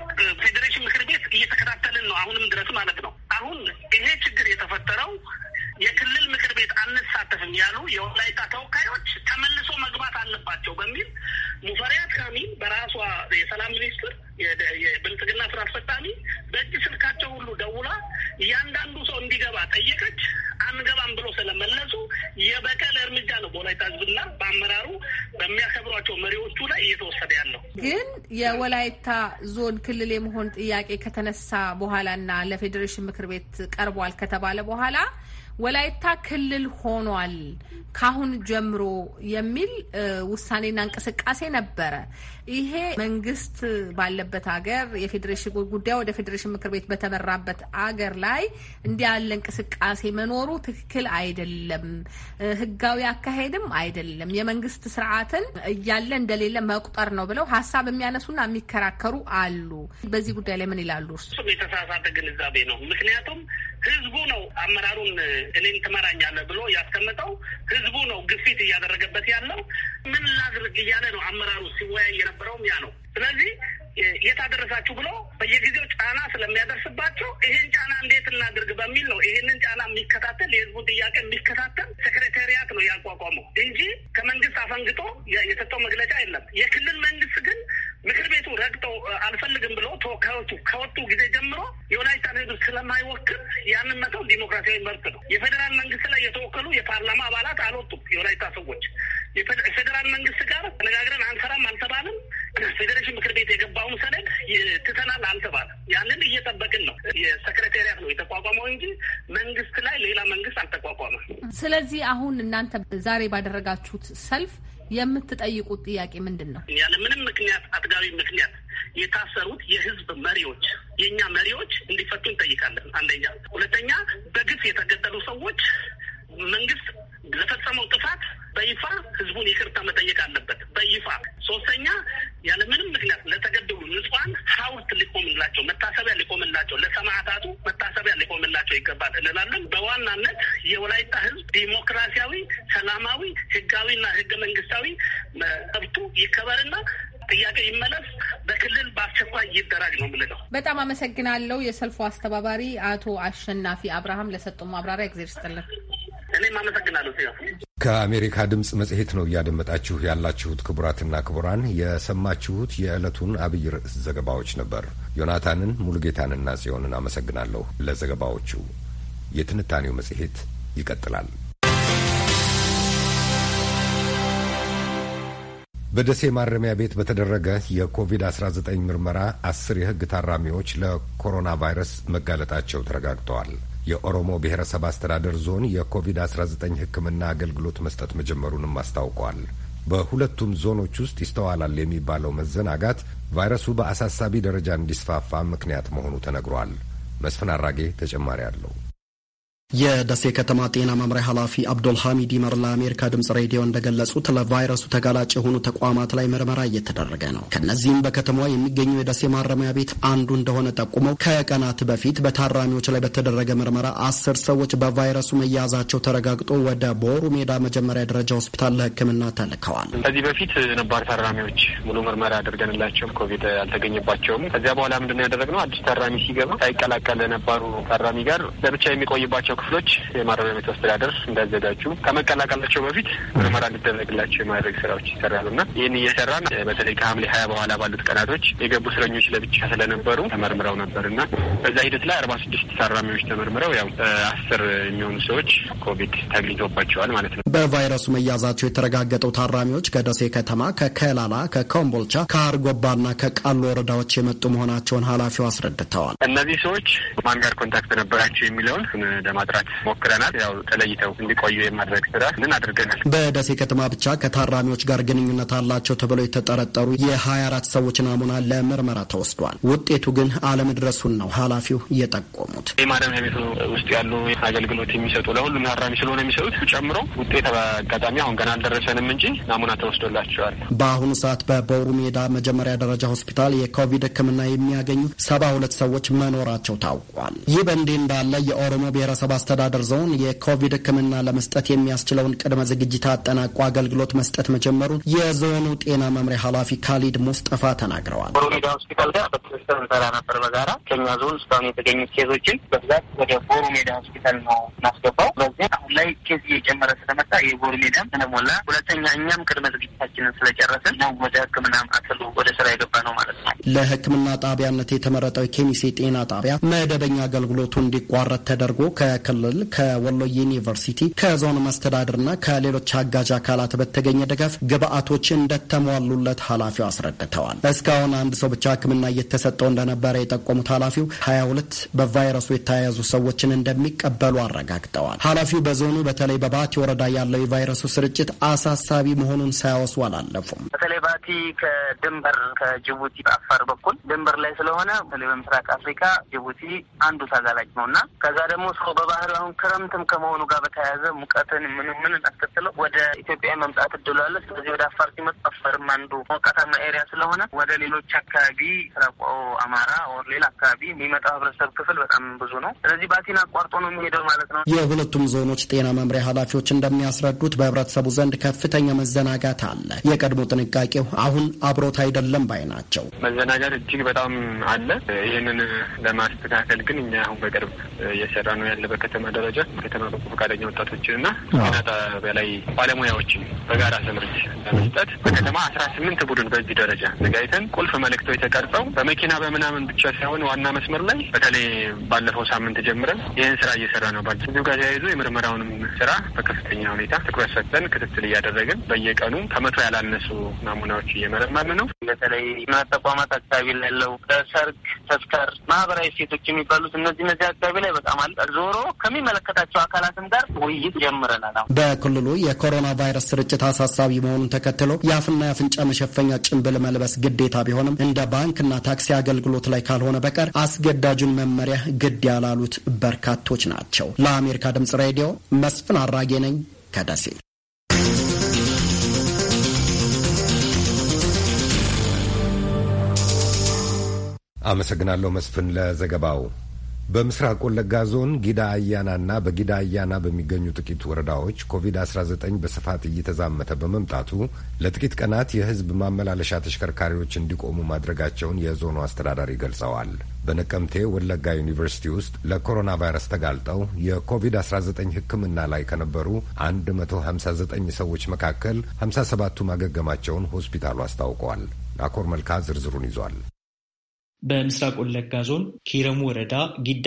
ፌዴሬሽን ምክር ቤት እየተከታተልን ነው አሁንም ድረስ ማለት ነው። አሁን ይሄ ችግር የተፈጠረው የክልል ምክር ቤት አንሳተፍም ያሉ የወላይታ ተወካዮች ተመልሶ መግባት አለባቸው በሚል ሙፈሪያት ካሚል በራሷ የሰላም ሚኒስትር የብልጽግና ስራ አስፈጻሚ በእጅ ስልካቸው ሁሉ ደውላ እያንዳንዱ ሰው እንዲገባ ጠየቀች። አንገባም ብሎ ስለመለሱ የበቀል እርምጃ ነው በወላይታ ሕዝብና በአመራሩ በሚያከብሯቸው መሪዎቹ ላይ እየተወሰደ ያለው። ግን የወላይታ ዞን ክልል የመሆን ጥያቄ ከተነሳ በኋላ እና ለፌዴሬሽን ምክር ቤት ቀርቧል ከተባለ በኋላ ወላይታ ክልል ሆኗል ካሁን ጀምሮ የሚል ውሳኔና እንቅስቃሴ ነበረ። ይሄ መንግስት ባለበት አገር የፌዴሬሽን ጉዳይ ወደ ፌዴሬሽን ምክር ቤት በተመራበት አገር ላይ እንዲህ ያለ እንቅስቃሴ መኖሩ ትክክል አይደለም፣ ህጋዊ አካሄድም አይደለም፣ የመንግስት ስርዓትን እያለ እንደሌለ መቁጠር ነው ብለው ሀሳብ የሚያነሱና የሚከራከሩ አሉ። በዚህ ጉዳይ ላይ ምን ይላሉ? እሱ የተሳሳተ ግንዛቤ ነው። ምክንያቱም ህዝቡ ነው አመራሩን እኔን ትመራኛለህ ብሎ ያስቀምጠው። ህዝቡ ነው ግፊት እያደረገበት ያለው። ምን ላድርግ እያለ ነው አመራሩ ሲወያይ የነበረውም ያ ነው። ስለዚህ የታደረሳችሁ ብሎ በየጊዜው ጫና ስለሚያደርስባቸው ይህን ጫና እንዴት እናድርግ በሚል ነው ይህንን ጫና የሚከታተል የህዝቡን ጥያቄ የሚከታተል ሴክሬታሪያት ነው ያቋቋመው እንጂ ከመንግስት አፈንግጦ የሰጠው መግለጫ የለም። የክልል መንግስት ግን ምክር ቤቱ ረግጠው አልፈልግም ብሎ ተወካዮቹ ከወጡ ጊዜ ጀምሮ የወላይታን ሕዝብ ስለማይወክል ያንን መተው ዲሞክራሲያዊ መብት ነው። የፌዴራል መንግስት ላይ የተወከሉ የፓርላማ አባላት አልወጡም። የወላይታ ሰዎች ፌዴራል መንግስት ጋር ተነጋግረን አንሰራም አልተባልም። ፌዴሬሽን ምክር ቤት የገባውን ሰነድ ትተናል አልተባልም። ያንን እየጠበቅን ነው። የሰክሬታሪያት ነው የተቋቋመው እንጂ መንግስት ላይ ሌላ መንግስት አልተቋቋመም። ስለዚህ አሁን እናንተ ዛሬ ባደረጋችሁት ሰልፍ የምትጠይቁት ጥያቄ ምንድን ነው? ያለ ምንም ምክንያት አጥጋቢ ምክንያት የታሰሩት የህዝብ መሪዎች የእኛ መሪዎች እንዲፈቱ እንጠይቃለን። አንደኛ። ሁለተኛ በግፍ የተገደሉ ሰዎች መንግስት ለፈጸመው ጥፋት በይፋ ህዝቡን ይቅርታ መጠየቅ አለበት፣ በይፋ ሶስተኛ፣ ያለምንም ምክንያት ለተገደሉ ንጹሃን ሀውልት ሊቆምላቸው፣ መታሰቢያ ሊቆምላቸው፣ ለሰማዕታቱ መታሰቢያ ሊቆምላቸው ይገባል እንላለን። በዋናነት የወላይታ ህዝብ ዲሞክራሲያዊ፣ ሰላማዊ፣ ፖለቲካዊና ህገ መንግስታዊ መብቱ ይከበርና ጥያቄ ይመለስ፣ በክልል በአስቸኳይ ይደራጅ ነው የምንለው። በጣም አመሰግናለሁ። የሰልፉ አስተባባሪ አቶ አሸናፊ አብርሃም ለሰጡ ማብራሪያ እግዜር ስጥልን። እኔም አመሰግናለሁ። ከአሜሪካ ድምፅ መጽሔት ነው እያደመጣችሁ ያላችሁት። ክቡራትና ክቡራን የሰማችሁት የዕለቱን አብይ ርዕስ ዘገባዎች ነበር። ዮናታንን ሙሉጌታንና ጽዮንን አመሰግናለሁ ለዘገባዎቹ። የትንታኔው መጽሔት ይቀጥላል። በደሴ ማረሚያ ቤት በተደረገ የኮቪድ-19 ምርመራ አስር የህግ ታራሚዎች ለኮሮና ቫይረስ መጋለጣቸው ተረጋግጠዋል። የኦሮሞ ብሔረሰብ አስተዳደር ዞን የኮቪድ-19 ሕክምና አገልግሎት መስጠት መጀመሩንም አስታውቋል። በሁለቱም ዞኖች ውስጥ ይስተዋላል የሚባለው መዘናጋት ቫይረሱ በአሳሳቢ ደረጃ እንዲስፋፋ ምክንያት መሆኑ ተነግሯል። መስፍን አራጌ ተጨማሪ አለው። የደሴ ከተማ ጤና መምሪያ ኃላፊ ሐሚድ ይመር ለአሜሪካ ድምጽ ሬዲዮ እንደገለጹት ለቫይረሱ ተጋላጭ የሆኑ ተቋማት ላይ ምርመራ እየተደረገ ነው። ከነዚህም በከተማዋ የሚገኘው የደሴ ማረሚያ ቤት አንዱ እንደሆነ ጠቁመው ከቀናት በፊት በታራሚዎች ላይ በተደረገ ምርመራ አስር ሰዎች በቫይረሱ መያዛቸው ተረጋግጦ ወደ ቦሩ ሜዳ መጀመሪያ ደረጃ ሆስፒታል ለሕክምና ተልከዋል። ከዚህ በፊት ነባር ታራሚዎች ሙሉ ምርመራ አድርገንላቸው ኮቪድ አልተገኘባቸውም። ከዚያ በኋላ ምንድነው ያደረግነው? አዲስ ታራሚ ሲገባ ሳይቀላቀል ነባሩ ታራሚ ጋር ለብቻ የሚቆይባቸው ክፍሎች የማረሚያ ቤት አስተዳደር እንዳዘጋጁ ከመቀላቀላቸው በፊት ምርመራ እንዲደረግላቸው የማድረግ ስራዎች ይሰራሉ ና ይህን እየሰራን በተለይ ከሐምሌ ሀያ በኋላ ባሉት ቀናቶች የገቡ እስረኞች ለብቻ ስለነበሩ ተመርምረው ነበር ና በዛ ሂደት ላይ አርባ ስድስት ታራሚዎች ተመርምረው ያው አስር የሚሆኑ ሰዎች ኮቪድ ተግኝቶባቸዋል ማለት ነው። በቫይረሱ መያዛቸው የተረጋገጠው ታራሚዎች ከደሴ ከተማ፣ ከከላላ፣ ከኮምቦልቻ፣ ና ከቃሉ ወረዳዎች የመጡ መሆናቸውን ኃላፊው አስረድተዋል። እነዚህ ሰዎች ማን ጋር ኮንታክት ነበራቸው የሚለውን ለማጣ ለመስራት ሞክረናል። ያው ተለይተው እንዲቆዩ የማድረግ ስራ ምን አድርገናል። በደሴ ከተማ ብቻ ከታራሚዎች ጋር ግንኙነት አላቸው ተብለው የተጠረጠሩ የሀያ አራት ሰዎች ናሙና ለምርመራ ተወስዷል። ውጤቱ ግን አለመድረሱን ነው ኃላፊው የጠቆሙት። የማረሚያ ቤቱ ውስጥ ያሉ አገልግሎት የሚሰጡ ለሁሉም ታራሚ ስለሆነ የሚሰጡት ጨምሮ ውጤት በአጋጣሚ አሁን ገና አልደረሰንም እንጂ ናሙና ተወስዶላቸዋል። በአሁኑ ሰዓት በቦሩ ሜዳ መጀመሪያ ደረጃ ሆስፒታል የኮቪድ ሕክምና የሚያገኙ ሰባ ሁለት ሰዎች መኖራቸው ታውቋል። ይህ በእንዲህ እንዳለ የኦሮሞ ብሔረሰብ አስተዳደር ዞን የኮቪድ ሕክምና ለመስጠት የሚያስችለውን ቅድመ ዝግጅት አጠናቆ አገልግሎት መስጠት መጀመሩን የዞኑ ጤና መምሪያ ኃላፊ ካሊድ ሙስጠፋ ተናግረዋል። ቦሮሜዳ ሆስፒታል ጋር በትስስር እንሰራ ነበር። በጋራ ከኛ ዞን እስካሁን የተገኙት ኬዞችን በብዛት ወደ ቦሮሜዳ ሆስፒታል ነው እናስገባው። በዚህ አሁን ላይ ኬዝ እየጨመረ ስለመጣ የቦሮሜዳም ስለሞላ፣ ሁለተኛ እኛም ቅድመ ዝግጅታችንን ስለጨረስን ነው ወደ ሕክምና ማዕከሉ ወደ ስራ የገባ ነው ማለት ነው። ለሕክምና ጣቢያነት የተመረጠው የኬሚሴ ጤና ጣቢያ መደበኛ አገልግሎቱ እንዲቋረጥ ተደርጎ ከ ክልል ከወሎ ዩኒቨርሲቲ ከዞኑ መስተዳድርና ከሌሎች አጋዥ አካላት በተገኘ ድጋፍ ግብአቶች እንደተሟሉለት ኃላፊው አስረድተዋል። እስካሁን አንድ ሰው ብቻ ሕክምና እየተሰጠው እንደነበረ የጠቆሙት ኃላፊው ሀያ ሁለት በቫይረሱ የተያያዙ ሰዎችን እንደሚቀበሉ አረጋግጠዋል። ኃላፊው በዞኑ በተለይ በባቲ ወረዳ ያለው የቫይረሱ ስርጭት አሳሳቢ መሆኑን ሳያወሱ አላለፉም። በተለይ ባቲ ከድንበር ከጅቡቲ አፋር በኩል ድንበር ላይ ስለሆነ በምስራቅ አፍሪካ ጅቡቲ አንዱ ተጋላጭ ነው እና ከዛ ደግሞ ሰው በባ ባህል አሁን ክረምትም ከመሆኑ ጋር በተያያዘ ሙቀትን ምን ምን አስከትለው ወደ ኢትዮጵያ መምጣት እድሉ አለ። ስለዚህ ወደ አፋር ሲመጡ አፋርም አንዱ ሞቃታማ ኤሪያ ስለሆነ ወደ ሌሎች አካባቢ ስራቆ፣ አማራ ኦር ሌላ አካባቢ የሚመጣው ህብረተሰብ ክፍል በጣም ብዙ ነው። ስለዚህ ባቲን አቋርጦ ነው የሚሄደው ማለት ነው። የሁለቱም ዞኖች ጤና መምሪያ ኃላፊዎች እንደሚያስረዱት በህብረተሰቡ ዘንድ ከፍተኛ መዘናጋት አለ። የቀድሞ ጥንቃቄው አሁን አብሮት አይደለም ባይ ናቸው። መዘናጋት እጅግ በጣም አለ። ይህንን ለማስተካከል ግን እኛ አሁን በቅርብ እየሰራ ነው ያለ በከተማ ደረጃ ከተማ በጎ ፈቃደኛ ወጣቶችን እና ጤና ጣቢያ ላይ ባለሙያዎችን በጋራ ትምህርት ለመስጠት በከተማ አስራ ስምንት ቡድን በዚህ ደረጃ ዘጋጅተን ቁልፍ መልእክቶ የተቀርጸው በመኪና በምናምን ብቻ ሳይሆን ዋና መስመር ላይ በተለይ ባለፈው ሳምንት ጀምረን ይህን ስራ እየሰራ ነው ባል እዚሁ ጋር ተያይዞ የምርመራውንም ስራ በከፍተኛ ሁኔታ ትኩረት ሰጠን ክትትል እያደረግን በየቀኑ ከመቶ ያላነሱ ናሙናዎች እየመረመርን ነው። በተለይ ና ተቋማት አካባቢ ላይ ያለው ሰርግ፣ ተስካር፣ ማህበራዊ ሴቶች የሚባሉት እነዚህ እነዚህ አካባቢ ላይ በጣም አለ ዞሮ ከሚመለከታቸው አካላትም ጋር ውይይት ጀምረናል። በክልሉ የኮሮና ቫይረስ ስርጭት አሳሳቢ መሆኑን ተከትሎ የአፍና የአፍንጫ መሸፈኛ ጭንብል መልበስ ግዴታ ቢሆንም እንደ ባንክና ታክሲ አገልግሎት ላይ ካልሆነ በቀር አስገዳጁን መመሪያ ግድ ያላሉት በርካቶች ናቸው። ለአሜሪካ ድምጽ ሬዲዮ መስፍን አራጌ ነኝ ከደሴ። አመሰግናለሁ መስፍን ለዘገባው። በምስራቅ ወለጋ ዞን ጊዳ አያናና በጊዳ አያና በሚገኙ ጥቂት ወረዳዎች ኮቪድ-19 በስፋት እየተዛመተ በመምጣቱ ለጥቂት ቀናት የሕዝብ ማመላለሻ ተሽከርካሪዎች እንዲቆሙ ማድረጋቸውን የዞኑ አስተዳዳሪ ገልጸዋል። በነቀምቴ ወለጋ ዩኒቨርሲቲ ውስጥ ለኮሮና ቫይረስ ተጋልጠው የኮቪድ-19 ሕክምና ላይ ከነበሩ 159 ሰዎች መካከል 57ቱ ማገገማቸውን ሆስፒታሉ አስታውቀዋል። አኮር መልካ ዝርዝሩን ይዟል። በምስራቅ ወለጋ ዞን ኪረሙ ወረዳ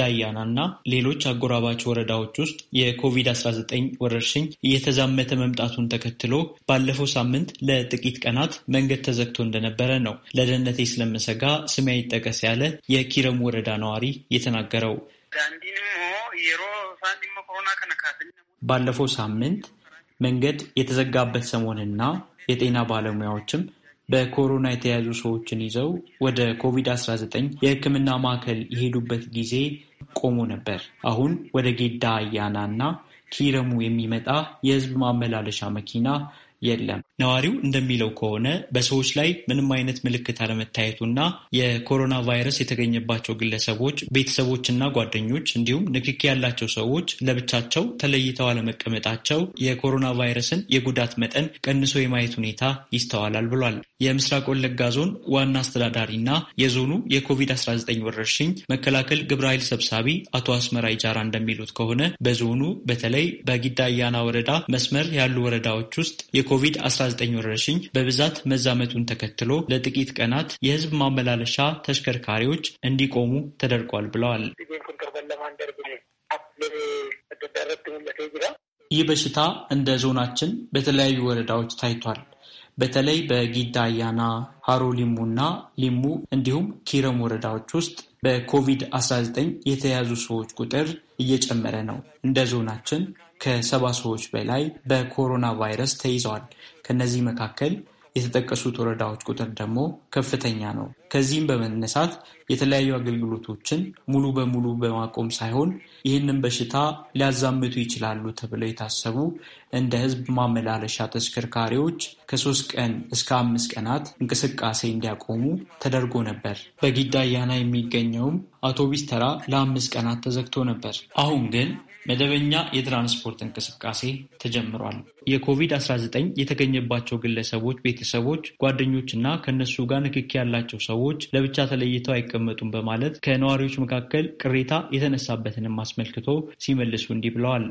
አያና እና ሌሎች አጎራባች ወረዳዎች ውስጥ የኮቪድ-19 ወረርሽኝ እየተዛመተ መምጣቱን ተከትሎ ባለፈው ሳምንት ለጥቂት ቀናት መንገድ ተዘግቶ እንደነበረ ነው ለደህንነቴ ስለመሰጋ ስሜ ይጠቀስ ያለ የኪረሙ ወረዳ ነዋሪ የተናገረው። ባለፈው ሳምንት መንገድ የተዘጋበት ሰሞንና የጤና ባለሙያዎችም በኮሮና የተያዙ ሰዎችን ይዘው ወደ ኮቪድ-19 የሕክምና ማዕከል የሄዱበት ጊዜ ቆሞ ነበር። አሁን ወደ ጌዳ አያና እና ኪረሙ የሚመጣ የህዝብ ማመላለሻ መኪና የለም። ነዋሪው እንደሚለው ከሆነ በሰዎች ላይ ምንም አይነት ምልክት አለመታየቱና የኮሮና ቫይረስ የተገኘባቸው ግለሰቦች ቤተሰቦችና ጓደኞች እንዲሁም ንክኪ ያላቸው ሰዎች ለብቻቸው ተለይተው አለመቀመጣቸው የኮሮና ቫይረስን የጉዳት መጠን ቀንሶ የማየት ሁኔታ ይስተዋላል ብሏል። የምስራቅ ወለጋ ዞን ዋና አስተዳዳሪና የዞኑ የኮቪድ-19 ወረርሽኝ መከላከል ግብረ ኃይል ሰብሳቢ አቶ አስመራ ይጃራ እንደሚሉት ከሆነ በዞኑ በተለይ በጊዳያና ወረዳ መስመር ያሉ ወረዳዎች ውስጥ የኮቪድ-19 ኮቪድ-19 ወረርሽኝ በብዛት መዛመቱን ተከትሎ ለጥቂት ቀናት የህዝብ ማመላለሻ ተሽከርካሪዎች እንዲቆሙ ተደርጓል ብለዋል። ይህ በሽታ እንደ ዞናችን በተለያዩ ወረዳዎች ታይቷል። በተለይ በጊዳ አያና፣ ሃሮ ሊሙ እና ሊሙ እንዲሁም ኪረም ወረዳዎች ውስጥ በኮቪድ-19 የተያዙ ሰዎች ቁጥር እየጨመረ ነው። እንደ ዞናችን ከሰባ ሰዎች በላይ በኮሮና ቫይረስ ተይዘዋል። ከነዚህ መካከል የተጠቀሱት ወረዳዎች ቁጥር ደግሞ ከፍተኛ ነው። ከዚህም በመነሳት የተለያዩ አገልግሎቶችን ሙሉ በሙሉ በማቆም ሳይሆን ይህንን በሽታ ሊያዛምቱ ይችላሉ ተብለው የታሰቡ እንደ ሕዝብ ማመላለሻ ተሽከርካሪዎች ከሶስት ቀን እስከ አምስት ቀናት እንቅስቃሴ እንዲያቆሙ ተደርጎ ነበር። በጊዳ አያና የሚገኘውም አውቶቡስ ተራ ለአምስት ቀናት ተዘግቶ ነበር። አሁን ግን መደበኛ የትራንስፖርት እንቅስቃሴ ተጀምሯል። የኮቪድ-19 የተገኘባቸው ግለሰቦች ቤተሰቦች፣ ጓደኞችና ከእነሱ ጋር ንክኪ ያላቸው ሰዎች ሰዎች ለብቻ ተለይተው አይቀመጡም በማለት ከነዋሪዎች መካከል ቅሬታ የተነሳበትንም አስመልክቶ ሲመልሱ እንዲህ ብለዋል።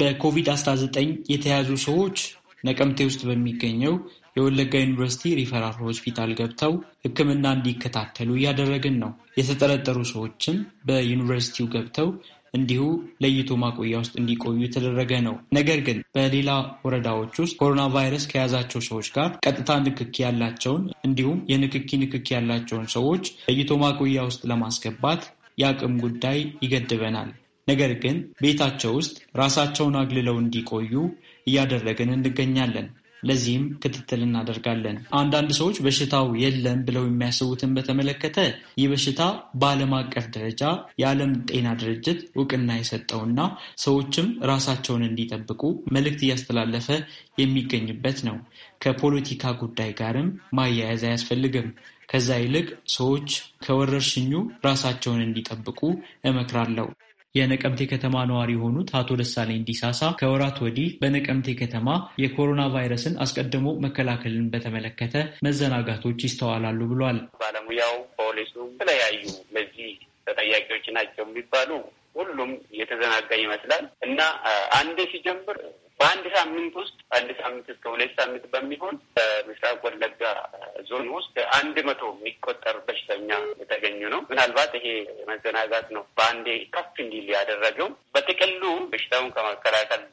በኮቪድ-19 የተያዙ ሰዎች ነቀምቴ ውስጥ በሚገኘው የወለጋ ዩኒቨርሲቲ ሪፈራል ሆስፒታል ገብተው ሕክምና እንዲከታተሉ እያደረግን ነው። የተጠረጠሩ ሰዎችም በዩኒቨርሲቲው ገብተው እንዲሁ ለይቶ ማቆያ ውስጥ እንዲቆዩ የተደረገ ነው። ነገር ግን በሌላ ወረዳዎች ውስጥ ኮሮና ቫይረስ ከያዛቸው ሰዎች ጋር ቀጥታ ንክኪ ያላቸውን እንዲሁም የንክኪ ንክኪ ያላቸውን ሰዎች ለይቶ ማቆያ ውስጥ ለማስገባት የአቅም ጉዳይ ይገድበናል። ነገር ግን ቤታቸው ውስጥ ራሳቸውን አግልለው እንዲቆዩ እያደረግን እንገኛለን። ለዚህም ክትትል እናደርጋለን። አንዳንድ ሰዎች በሽታው የለም ብለው የሚያስቡትን በተመለከተ ይህ በሽታ በዓለም አቀፍ ደረጃ የዓለም ጤና ድርጅት እውቅና የሰጠውና ሰዎችም ራሳቸውን እንዲጠብቁ መልእክት እያስተላለፈ የሚገኝበት ነው። ከፖለቲካ ጉዳይ ጋርም ማያያዝ አያስፈልግም። ከዛ ይልቅ ሰዎች ከወረርሽኙ ራሳቸውን እንዲጠብቁ እመክራለሁ። የነቀምቴ ከተማ ነዋሪ የሆኑት አቶ ደሳለኝ ዲሳሳ ከወራት ወዲህ በነቀምቴ ከተማ የኮሮና ቫይረስን አስቀድሞ መከላከልን በተመለከተ መዘናጋቶች ይስተዋላሉ ብሏል። ባለሙያው፣ ፖሊሱ፣ የተለያዩ በዚህ ተጠያቂዎች ናቸው የሚባሉ ሁሉም የተዘናጋ ይመስላል እና አንዴ ሲጀምር በአንድ ሳምንት ውስጥ አንድ ሳምንት እስከ ሁለት ሳምንት በሚሆን በምስራቅ ወለጋ ዞን ውስጥ አንድ መቶ የሚቆጠር በሽተኛ የተገኙ ነው። ምናልባት ይሄ መዘናጋት ነው በአንዴ ከፍ እንዲል ያደረገው። በጥቅሉ በሽታውን ከመከላከል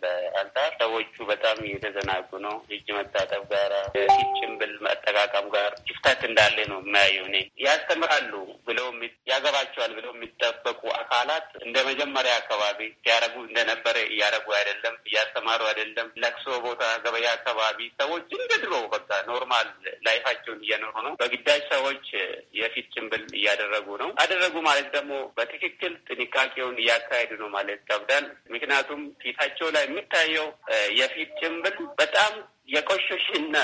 አንጻር ሰዎቹ በጣም እየተዘናጉ ነው። እጅ መታጠብ ጋር፣ ፊት ጭንብል መጠቃቀም ጋር ክፍተት እንዳለ ነው የማያየው። እኔ ያስተምራሉ ብለው ያገባቸዋል ብለው የሚጠበቁ አካላት እንደ መጀመሪያ አካባቢ ሲያረጉ እንደነበረ እያረጉ አይደለም፣ እያስተማሩ አይደለም። ለቅሶ ቦታ፣ ገበያ አካባቢ ሰዎች እንደ ድሮ በቃ ኖርማል ላይፋቸውን እየኖሩ ነው። በግዳጅ ሰዎች የፊት ጭንብል እያደረጉ ነው። አደረጉ ማለት ደግሞ በትክክል ጥንቃቄውን እያካሄዱ ነው ማለት ከብዳል። ምክንያቱም ፊታቸው ላይ የሚታየው የፊት ጭንብል በጣም የቆሸሽና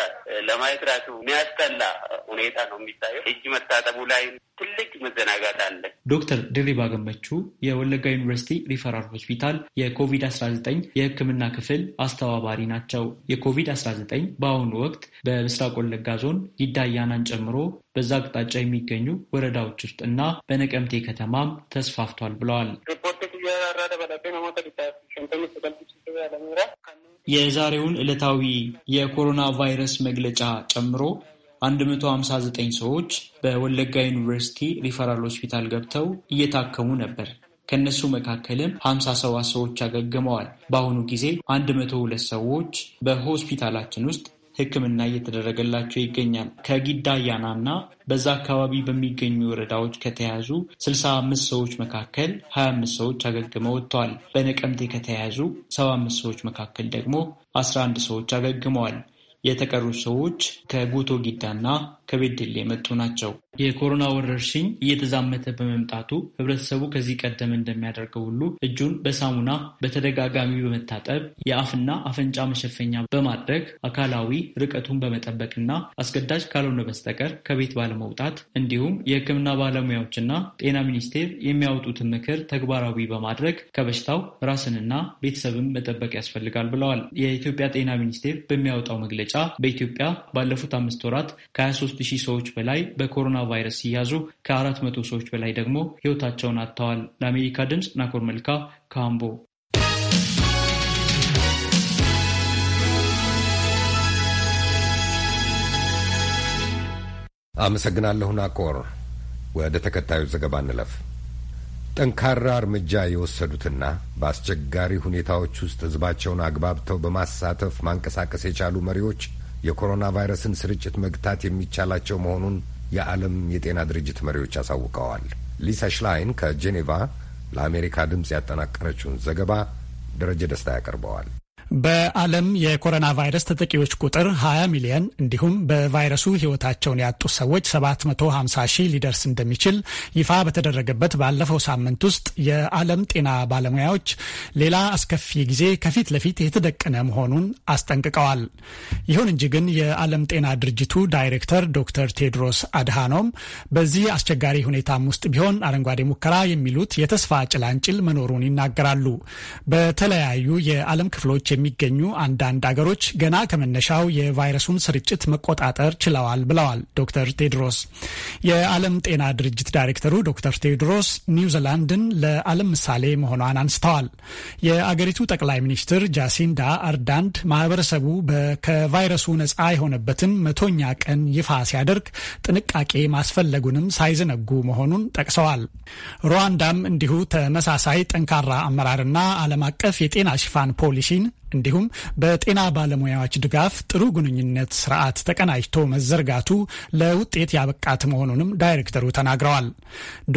ለማየት ራሱ የሚያስጠላ ሁኔታ ነው የሚታየው። እጅ መታጠቡ ላይ ትልቅ መዘናጋት አለ። ዶክተር ድሪባ ገመቹ የወለጋ ዩኒቨርሲቲ ሪፈራል ሆስፒታል የኮቪድ-19 የሕክምና ክፍል አስተባባሪ ናቸው። የኮቪድ-19 በአሁኑ ወቅት በምስራቅ ወለጋ ዞን ጊዳያናን ጨምሮ በዛ አቅጣጫ የሚገኙ ወረዳዎች ውስጥ እና በነቀምቴ ከተማም ተስፋፍቷል ብለዋል። የዛሬውን ዕለታዊ የኮሮና ቫይረስ መግለጫ ጨምሮ 159 ሰዎች በወለጋ ዩኒቨርሲቲ ሪፈራል ሆስፒታል ገብተው እየታከሙ ነበር። ከነሱ መካከልም 57 ሰዎች አገግመዋል። በአሁኑ ጊዜ 102 ሰዎች በሆስፒታላችን ውስጥ ሕክምና እየተደረገላቸው ይገኛል። ከጊዳ ያና እና በዛ አካባቢ በሚገኙ ወረዳዎች ከተያዙ 65 ሰዎች መካከል 25 ሰዎች አገግመው ወጥተዋል። በነቀምቴ ከተያዙ 75 ሰዎች መካከል ደግሞ 11 ሰዎች አገግመዋል። የተቀሩ ሰዎች ከጉቶ ጊዳና ከቤድል የመጡ ናቸው። የኮሮና ወረርሽኝ እየተዛመተ በመምጣቱ ህብረተሰቡ ከዚህ ቀደም እንደሚያደርገው ሁሉ እጁን በሳሙና በተደጋጋሚ በመታጠብ የአፍና አፈንጫ መሸፈኛ በማድረግ አካላዊ ርቀቱን በመጠበቅና አስገዳጅ ካልሆነ በስተቀር ከቤት ባለመውጣት እንዲሁም የሕክምና ባለሙያዎችና ጤና ሚኒስቴር የሚያወጡትን ምክር ተግባራዊ በማድረግ ከበሽታው ራስንና ቤተሰብን መጠበቅ ያስፈልጋል ብለዋል። የኢትዮጵያ ጤና ሚኒስቴር በሚያወጣው መግለጫ በኢትዮጵያ ባለፉት አምስት ወራት ከ23 ሺህ ሰዎች በላይ በኮሮና ቫይረስ ሲያዙ ከአራት መቶ ሰዎች በላይ ደግሞ ሕይወታቸውን አጥተዋል። ለአሜሪካ ድምፅ ናኮር መልካ ካምቦ አመሰግናለሁ ናኮር። ወደ ተከታዩ ዘገባ እንለፍ። ጠንካራ እርምጃ የወሰዱትና በአስቸጋሪ ሁኔታዎች ውስጥ ህዝባቸውን አግባብተው በማሳተፍ ማንቀሳቀስ የቻሉ መሪዎች የኮሮና ቫይረስን ስርጭት መግታት የሚቻላቸው መሆኑን የዓለም የጤና ድርጅት መሪዎች አሳውቀዋል። ሊሳ ሽላይን ከጄኔቫ ለአሜሪካ ድምፅ ያጠናቀረችውን ዘገባ ደረጀ ደስታ ያቀርበዋል። በዓለም የኮሮና ቫይረስ ተጠቂዎች ቁጥር 20 ሚሊዮን እንዲሁም በቫይረሱ ህይወታቸውን ያጡ ሰዎች 750 ሺህ ሊደርስ እንደሚችል ይፋ በተደረገበት ባለፈው ሳምንት ውስጥ የዓለም ጤና ባለሙያዎች ሌላ አስከፊ ጊዜ ከፊት ለፊት የተደቀነ መሆኑን አስጠንቅቀዋል። ይሁን እንጂ ግን የዓለም ጤና ድርጅቱ ዳይሬክተር ዶክተር ቴድሮስ አድሃኖም በዚህ አስቸጋሪ ሁኔታም ውስጥ ቢሆን አረንጓዴ ሙከራ የሚሉት የተስፋ ጭላንጭል መኖሩን ይናገራሉ። በተለያዩ የዓለም ክፍሎች የሚገኙ አንዳንድ አገሮች ገና ከመነሻው የቫይረሱን ስርጭት መቆጣጠር ችለዋል ብለዋል ዶክተር ቴድሮስ። የዓለም ጤና ድርጅት ዳይሬክተሩ ዶክተር ቴድሮስ ኒውዚላንድን ለዓለም ምሳሌ መሆኗን አንስተዋል። የአገሪቱ ጠቅላይ ሚኒስትር ጃሲንዳ አርዳንድ ማህበረሰቡ ከቫይረሱ ነጻ የሆነበትን መቶኛ ቀን ይፋ ሲያደርግ ጥንቃቄ ማስፈለጉንም ሳይዘነጉ መሆኑን ጠቅሰዋል። ሩዋንዳም እንዲሁ ተመሳሳይ ጠንካራ አመራርና ዓለም አቀፍ የጤና ሽፋን ፖሊሲን እንዲሁም በጤና ባለሙያዎች ድጋፍ ጥሩ ግንኙነት ስርዓት ተቀናጅቶ መዘርጋቱ ለውጤት ያበቃት መሆኑንም ዳይሬክተሩ ተናግረዋል።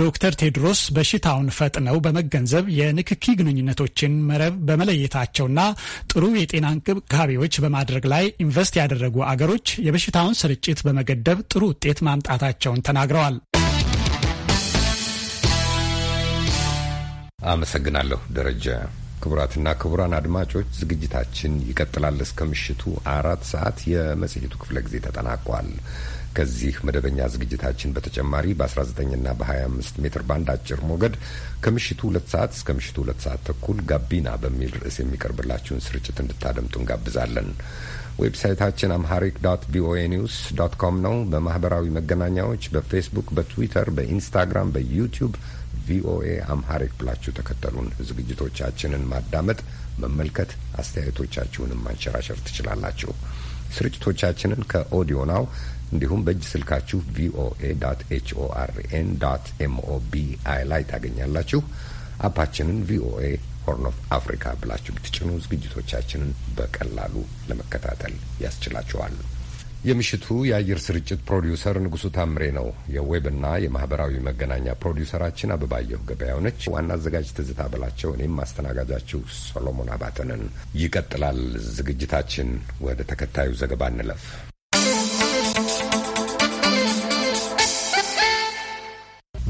ዶክተር ቴድሮስ በሽታውን ፈጥነው በመገንዘብ የንክኪ ግንኙነቶችን መረብ በመለየታቸውና ጥሩ የጤና እንክብካቤዎች በማድረግ ላይ ኢንቨስት ያደረጉ አገሮች የበሽታውን ስርጭት በመገደብ ጥሩ ውጤት ማምጣታቸውን ተናግረዋል። አመሰግናለሁ ደረጃ። ክቡራትና ክቡራን አድማጮች ዝግጅታችን ይቀጥላል እስከ ምሽቱ አራት ሰዓት። የመጽሔቱ ክፍለ ጊዜ ተጠናቋል። ከዚህ መደበኛ ዝግጅታችን በተጨማሪ በ19ና በ25 ሜትር ባንድ አጭር ሞገድ ከምሽቱ ሁለት ሰዓት እስከ ምሽቱ ሁለት ሰዓት ተኩል ጋቢና በሚል ርዕስ የሚቀርብላችሁን ስርጭት እንድታደምጡ እንጋብዛለን። ዌብሳይታችን አምሃሪክ ዶት ቪኦኤ ኒውስ ዶት ኮም ነው። በማህበራዊ መገናኛዎች በፌስቡክ፣ በትዊተር፣ በኢንስታግራም፣ በዩቲዩብ ቪኦኤ አምሃሪክ ብላችሁ ተከተሉን። ዝግጅቶቻችንን ማዳመጥ፣ መመልከት፣ አስተያየቶቻችሁንም ማንሸራሸር ትችላላችሁ። ስርጭቶቻችንን ከኦዲዮ ናው እንዲሁም በእጅ ስልካችሁ ቪኦኤ ዶት ኤችኦአርኤን ዶት አይ ላይ ታገኛላችሁ። አፓችንን ቪኦኤ ሆርን ኦፍ አፍሪካ ብላችሁ ብትጭኑ ዝግጅቶቻችንን በቀላሉ ለመከታተል ያስችላችኋል። የምሽቱ የአየር ስርጭት ፕሮዲውሰር ንጉሱ ታምሬ ነው። የዌብና የማህበራዊ መገናኛ ፕሮዲውሰራችን አበባየሁ ገበያው ነች። ዋና አዘጋጅ ትዝታ ብላቸው፣ እኔም ማስተናጋጃችሁ ሶሎሞን አባተንን። ይቀጥላል ዝግጅታችን። ወደ ተከታዩ ዘገባ እንለፍ።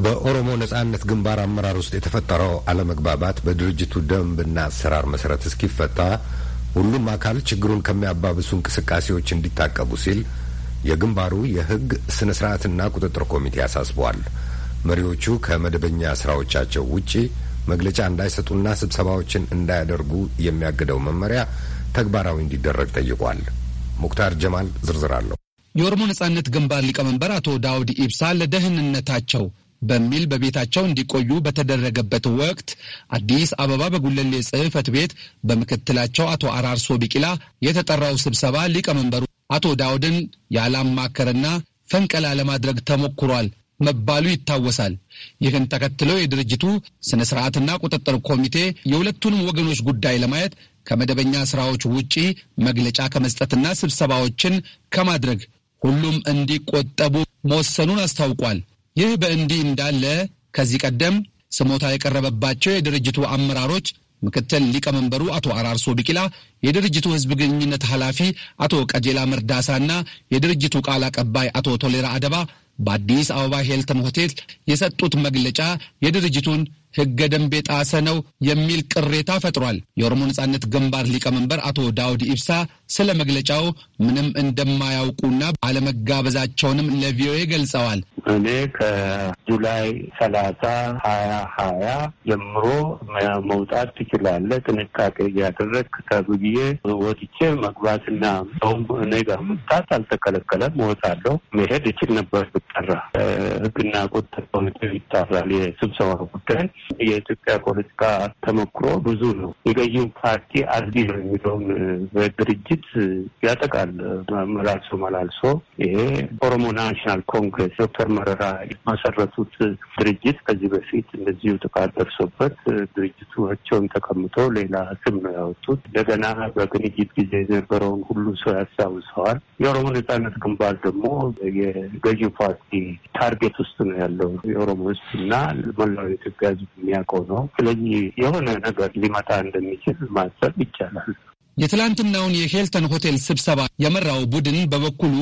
በኦሮሞ ነጻነት ግንባር አመራር ውስጥ የተፈጠረው አለመግባባት በድርጅቱ ደንብና አሰራር መሰረት እስኪፈታ ሁሉም አካል ችግሩን ከሚያባብሱ እንቅስቃሴዎች እንዲታቀቡ ሲል የግንባሩ የህግ ስነ ስርዓትና ቁጥጥር ኮሚቴ አሳስቧል። መሪዎቹ ከመደበኛ ስራዎቻቸው ውጪ መግለጫ እንዳይሰጡና ስብሰባዎችን እንዳያደርጉ የሚያግደው መመሪያ ተግባራዊ እንዲደረግ ጠይቋል። ሙክታር ጀማል ዝርዝር አለው። የኦሮሞ ነጻነት ግንባር ሊቀመንበር አቶ ዳውድ ኢብሳ ለደህንነታቸው በሚል በቤታቸው እንዲቆዩ በተደረገበት ወቅት አዲስ አበባ በጉለሌ ጽሕፈት ቤት በምክትላቸው አቶ አራርሶ ቢቂላ የተጠራው ስብሰባ ሊቀመንበሩ አቶ ዳውድን ማከርና ፈንቀላ ለማድረግ ተሞክሯል መባሉ ይታወሳል። ይህን ተከትሎ የድርጅቱ ስነ ስርዓትና ቁጥጥር ኮሚቴ የሁለቱንም ወገኖች ጉዳይ ለማየት ከመደበኛ ስራዎች ውጪ መግለጫ ከመስጠትና ስብሰባዎችን ከማድረግ ሁሉም እንዲቆጠቡ መወሰኑን አስታውቋል። ይህ በእንዲህ እንዳለ ከዚህ ቀደም ስሞታ የቀረበባቸው የድርጅቱ አመራሮች ምክትል ሊቀመንበሩ አቶ አራርሶ ቢቂላ፣ የድርጅቱ ህዝብ ግንኙነት ኃላፊ አቶ ቀጀላ መርዳሳና የድርጅቱ ቃል አቀባይ አቶ ቶሌራ አደባ በአዲስ አበባ ሄልተን ሆቴል የሰጡት መግለጫ የድርጅቱን ህገ ደንብ የጣሰ ነው የሚል ቅሬታ ፈጥሯል። የኦሮሞ ነጻነት ግንባር ሊቀመንበር አቶ ዳውድ ኢብሳ ስለ መግለጫው ምንም እንደማያውቁና አለመጋበዛቸውንም ለቪኦኤ ገልጸዋል። እኔ ከጁላይ ሰላሳ ሀያ ሀያ ጀምሮ መውጣት ትችላለህ፣ ጥንቃቄ እያደረግ ከብዬ ወጥቼ መግባትና ሰውም እኔ ጋር መውጣት አልተከለከለም። እወጣለሁ፣ መሄድ እችል ነበር ብጠራ። ህግና ቁጥ ኮሚቴ ይጣራል የስብሰባ ጉዳይ የኢትዮጵያ ፖለቲካ ተሞክሮ ብዙ ነው። የገዢው ፓርቲ አርዲ ነው የሚለውን በድርጅት ያጠቃል መላልሶ መላልሶ። ይሄ ኦሮሞ ናሽናል ኮንግረስ ዶክተር መረራ የመሰረቱት ድርጅት ከዚህ በፊት እንደዚሁ ጥቃት ደርሶበት ድርጅቱ ድርጅቶቸውን ተቀምጦ ሌላ ስም ነው ያወጡት። እንደገና በግንጅት ጊዜ የነበረውን ሁሉ ሰው ያስታውሰዋል። የኦሮሞ ነጻነት ግንባር ደግሞ የገዢው ፓርቲ ታርጌት ውስጥ ነው ያለው የኦሮሞ ህዝብ እና መላው የኢትዮጵያ ህዝብ የሚያውቀው ነው። ስለዚህ የሆነ ነገር ሊመጣ እንደሚችል ማሰብ ይቻላል። የትላንትናውን የሄልተን ሆቴል ስብሰባ የመራው ቡድን በበኩሉ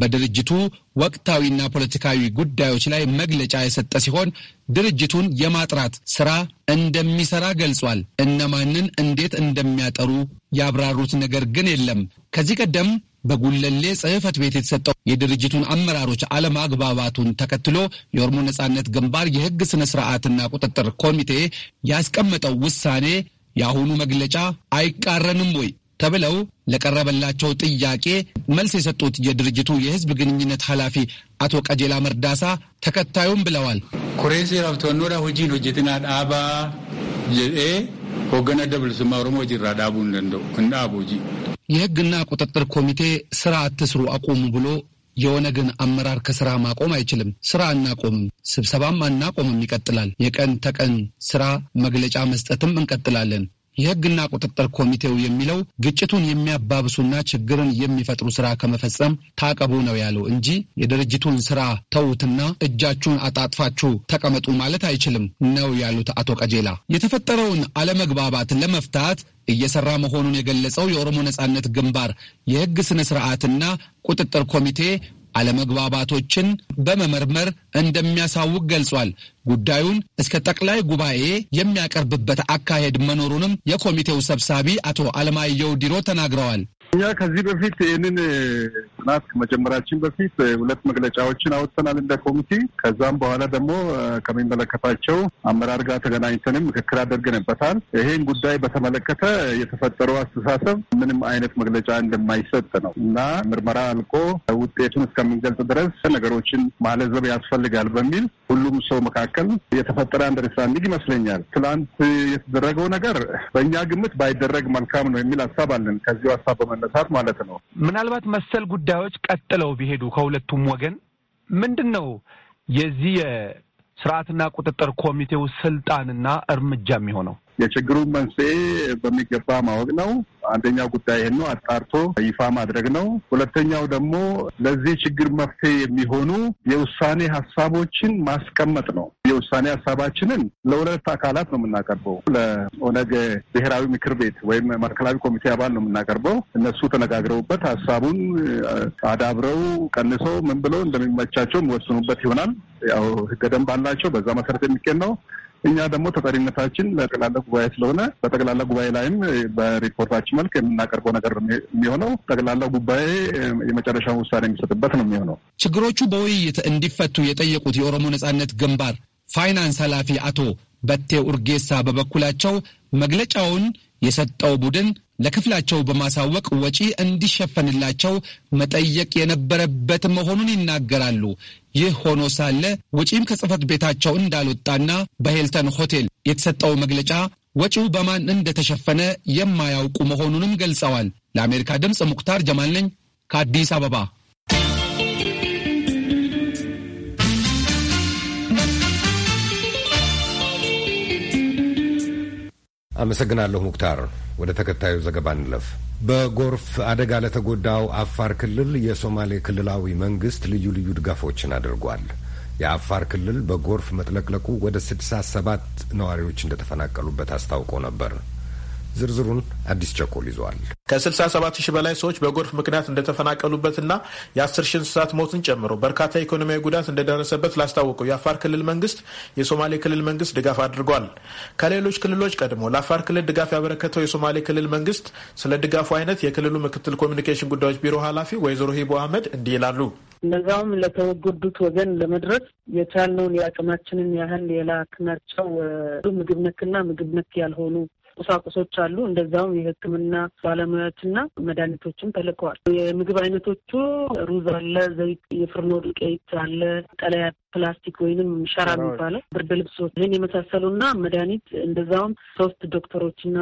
በድርጅቱ ወቅታዊና ፖለቲካዊ ጉዳዮች ላይ መግለጫ የሰጠ ሲሆን ድርጅቱን የማጥራት ስራ እንደሚሰራ ገልጿል። እነማንን እንዴት እንደሚያጠሩ ያብራሩት ነገር ግን የለም። ከዚህ ቀደም በጉለሌ ጽህፈት ቤት የተሰጠው የድርጅቱን አመራሮች አለማግባባቱን ተከትሎ የኦሮሞ ነጻነት ግንባር የህግ ስነ ስርዓትና ቁጥጥር ኮሚቴ ያስቀመጠው ውሳኔ የአሁኑ መግለጫ አይቃረንም ወይ ተብለው ለቀረበላቸው ጥያቄ መልስ የሰጡት የድርጅቱ የህዝብ ግንኙነት ኃላፊ አቶ ቀጀላ መርዳሳ ተከታዩም ብለዋል። ኩሬሲ ራብቶኖዳ ሁጂን ዳባ ጀኤ ኦሮሞ ጅራ ዳቡ እንደንደው እንዳቦጂ የህግና ቁጥጥር ኮሚቴ ስራ አትስሩ አቁሙ ብሎ የኦነግን አመራር ከስራ ማቆም አይችልም። ስራ አናቆምም፣ ስብሰባም አናቆምም፣ ይቀጥላል። የቀን ተቀን ስራ መግለጫ መስጠትም እንቀጥላለን። የህግና ቁጥጥር ኮሚቴው የሚለው ግጭቱን የሚያባብሱና ችግርን የሚፈጥሩ ስራ ከመፈጸም ታቀቡ ነው ያለው እንጂ የድርጅቱን ስራ ተዉትና እጃችሁን አጣጥፋችሁ ተቀመጡ ማለት አይችልም ነው ያሉት አቶ ቀጄላ የተፈጠረውን አለመግባባት ለመፍታት እየሰራ መሆኑን የገለጸው የኦሮሞ ነጻነት ግንባር የህግ ስነ ስርዓትና ቁጥጥር ኮሚቴ አለመግባባቶችን በመመርመር እንደሚያሳውቅ ገልጿል። ጉዳዩን እስከ ጠቅላይ ጉባኤ የሚያቀርብበት አካሄድ መኖሩንም የኮሚቴው ሰብሳቢ አቶ አለማየሁ ዲሮ ተናግረዋል። እኛ ከዚህ በፊት ይህንን ጥናት ከመጀመራችን በፊት ሁለት መግለጫዎችን አውጥተናል እንደ ኮሚቴ። ከዛም በኋላ ደግሞ ከሚመለከታቸው አመራር ጋር ተገናኝተንም ምክክር አደርገንበታል። ይሄን ጉዳይ በተመለከተ የተፈጠረው አስተሳሰብ ምንም አይነት መግለጫ እንደማይሰጥ ነው እና ምርመራ አልቆ ውጤቱን እስከምንገልጽ ድረስ ነገሮችን ማለዘብ ያስፈልጋል በሚል ሁሉም ሰው መካከል የተፈጠረ አንደርስታንዲንግ ይመስለኛል። ትላንት የተደረገው ነገር በእኛ ግምት ባይደረግ መልካም ነው የሚል ሀሳብ አለን። ከዚሁ ሀሳብ ለመነሳት ማለት ነው። ምናልባት መሰል ጉዳዮች ቀጥለው ቢሄዱ ከሁለቱም ወገን ምንድን ነው የዚህ የስርዓትና ቁጥጥር ኮሚቴው ስልጣንና እርምጃ የሚሆነው? የችግሩን መንስኤ በሚገባ ማወቅ ነው። አንደኛው ጉዳይ ይህን ነው አጣርቶ ይፋ ማድረግ ነው። ሁለተኛው ደግሞ ለዚህ ችግር መፍትሄ የሚሆኑ የውሳኔ ሀሳቦችን ማስቀመጥ ነው። የውሳኔ ሀሳባችንን ለሁለት አካላት ነው የምናቀርበው። ለኦነግ ብሔራዊ ምክር ቤት ወይም ማዕከላዊ ኮሚቴ አባል ነው የምናቀርበው። እነሱ ተነጋግረውበት ሀሳቡን አዳብረው ቀንሰው ምን ብለው እንደሚመቻቸው የሚወስኑበት ይሆናል። ያው ህገ ደንብ አላቸው። በዛ መሰረት የሚገኝ ነው። እኛ ደግሞ ተጠሪነታችን ለጠቅላላ ጉባኤ ስለሆነ በጠቅላላ ጉባኤ ላይም በሪፖርታችን መልክ የምናቀርበው ነገር የሚሆነው ጠቅላላ ጉባኤ የመጨረሻውን ውሳኔ የሚሰጥበት ነው የሚሆነው። ችግሮቹ በውይይት እንዲፈቱ የጠየቁት የኦሮሞ ነጻነት ግንባር ፋይናንስ ኃላፊ አቶ በቴ ኡርጌሳ በበኩላቸው መግለጫውን የሰጠው ቡድን ለክፍላቸው በማሳወቅ ወጪ እንዲሸፈንላቸው መጠየቅ የነበረበት መሆኑን ይናገራሉ። ይህ ሆኖ ሳለ ወጪም ከጽህፈት ቤታቸው እንዳልወጣና በሄልተን ሆቴል የተሰጠው መግለጫ ወጪው በማን እንደተሸፈነ የማያውቁ መሆኑንም ገልጸዋል። ለአሜሪካ ድምፅ ሙክታር ጀማል ነኝ ከአዲስ አበባ። አመሰግናለሁ ሙክታር። ወደ ተከታዩ ዘገባ እንለፍ። በጎርፍ አደጋ ለተጎዳው አፋር ክልል የሶማሌ ክልላዊ መንግስት ልዩ ልዩ ድጋፎችን አድርጓል። የአፋር ክልል በጎርፍ መጥለቅለቁ ወደ ስድሳ ሰባት ነዋሪዎች እንደተፈናቀሉበት አስታውቆ ነበር። ዝርዝሩን አዲስ ቸኮል ይዘዋል። ከ67 ሺህ በላይ ሰዎች በጎርፍ ምክንያት እንደተፈናቀሉበትና የ10 ሺህ እንስሳት ሞትን ጨምሮ በርካታ ኢኮኖሚያዊ ጉዳት እንደደረሰበት ላስታወቀው የአፋር ክልል መንግስት የሶማሌ ክልል መንግስት ድጋፍ አድርጓል። ከሌሎች ክልሎች ቀድሞ ለአፋር ክልል ድጋፍ ያበረከተው የሶማሌ ክልል መንግስት ስለ ድጋፉ አይነት የክልሉ ምክትል ኮሚኒኬሽን ጉዳዮች ቢሮ ኃላፊ ወይዘሮ ሂቦ አህመድ እንዲህ ይላሉ። እነዛውም ለተወገዱት ወገን ለመድረስ የቻልነውን የአቅማችንን ያህል የላክናቸው ምግብ ነክና ምግብ ነክ ያልሆኑ ቁሳቁሶች አሉ። እንደዛውም የሕክምና ባለሙያዎች እና መድኃኒቶችም ተልከዋል። የምግብ አይነቶቹ ሩዝ አለ፣ ዘይት፣ የፍርኖ ዱቄት አለ፣ ጠለያ ፕላስቲክ ወይንም ሸራ የሚባለው ብርድ ልብሶች፣ ይህን የመሳሰሉና መድኃኒት እንደዛውም ሶስት ዶክተሮችና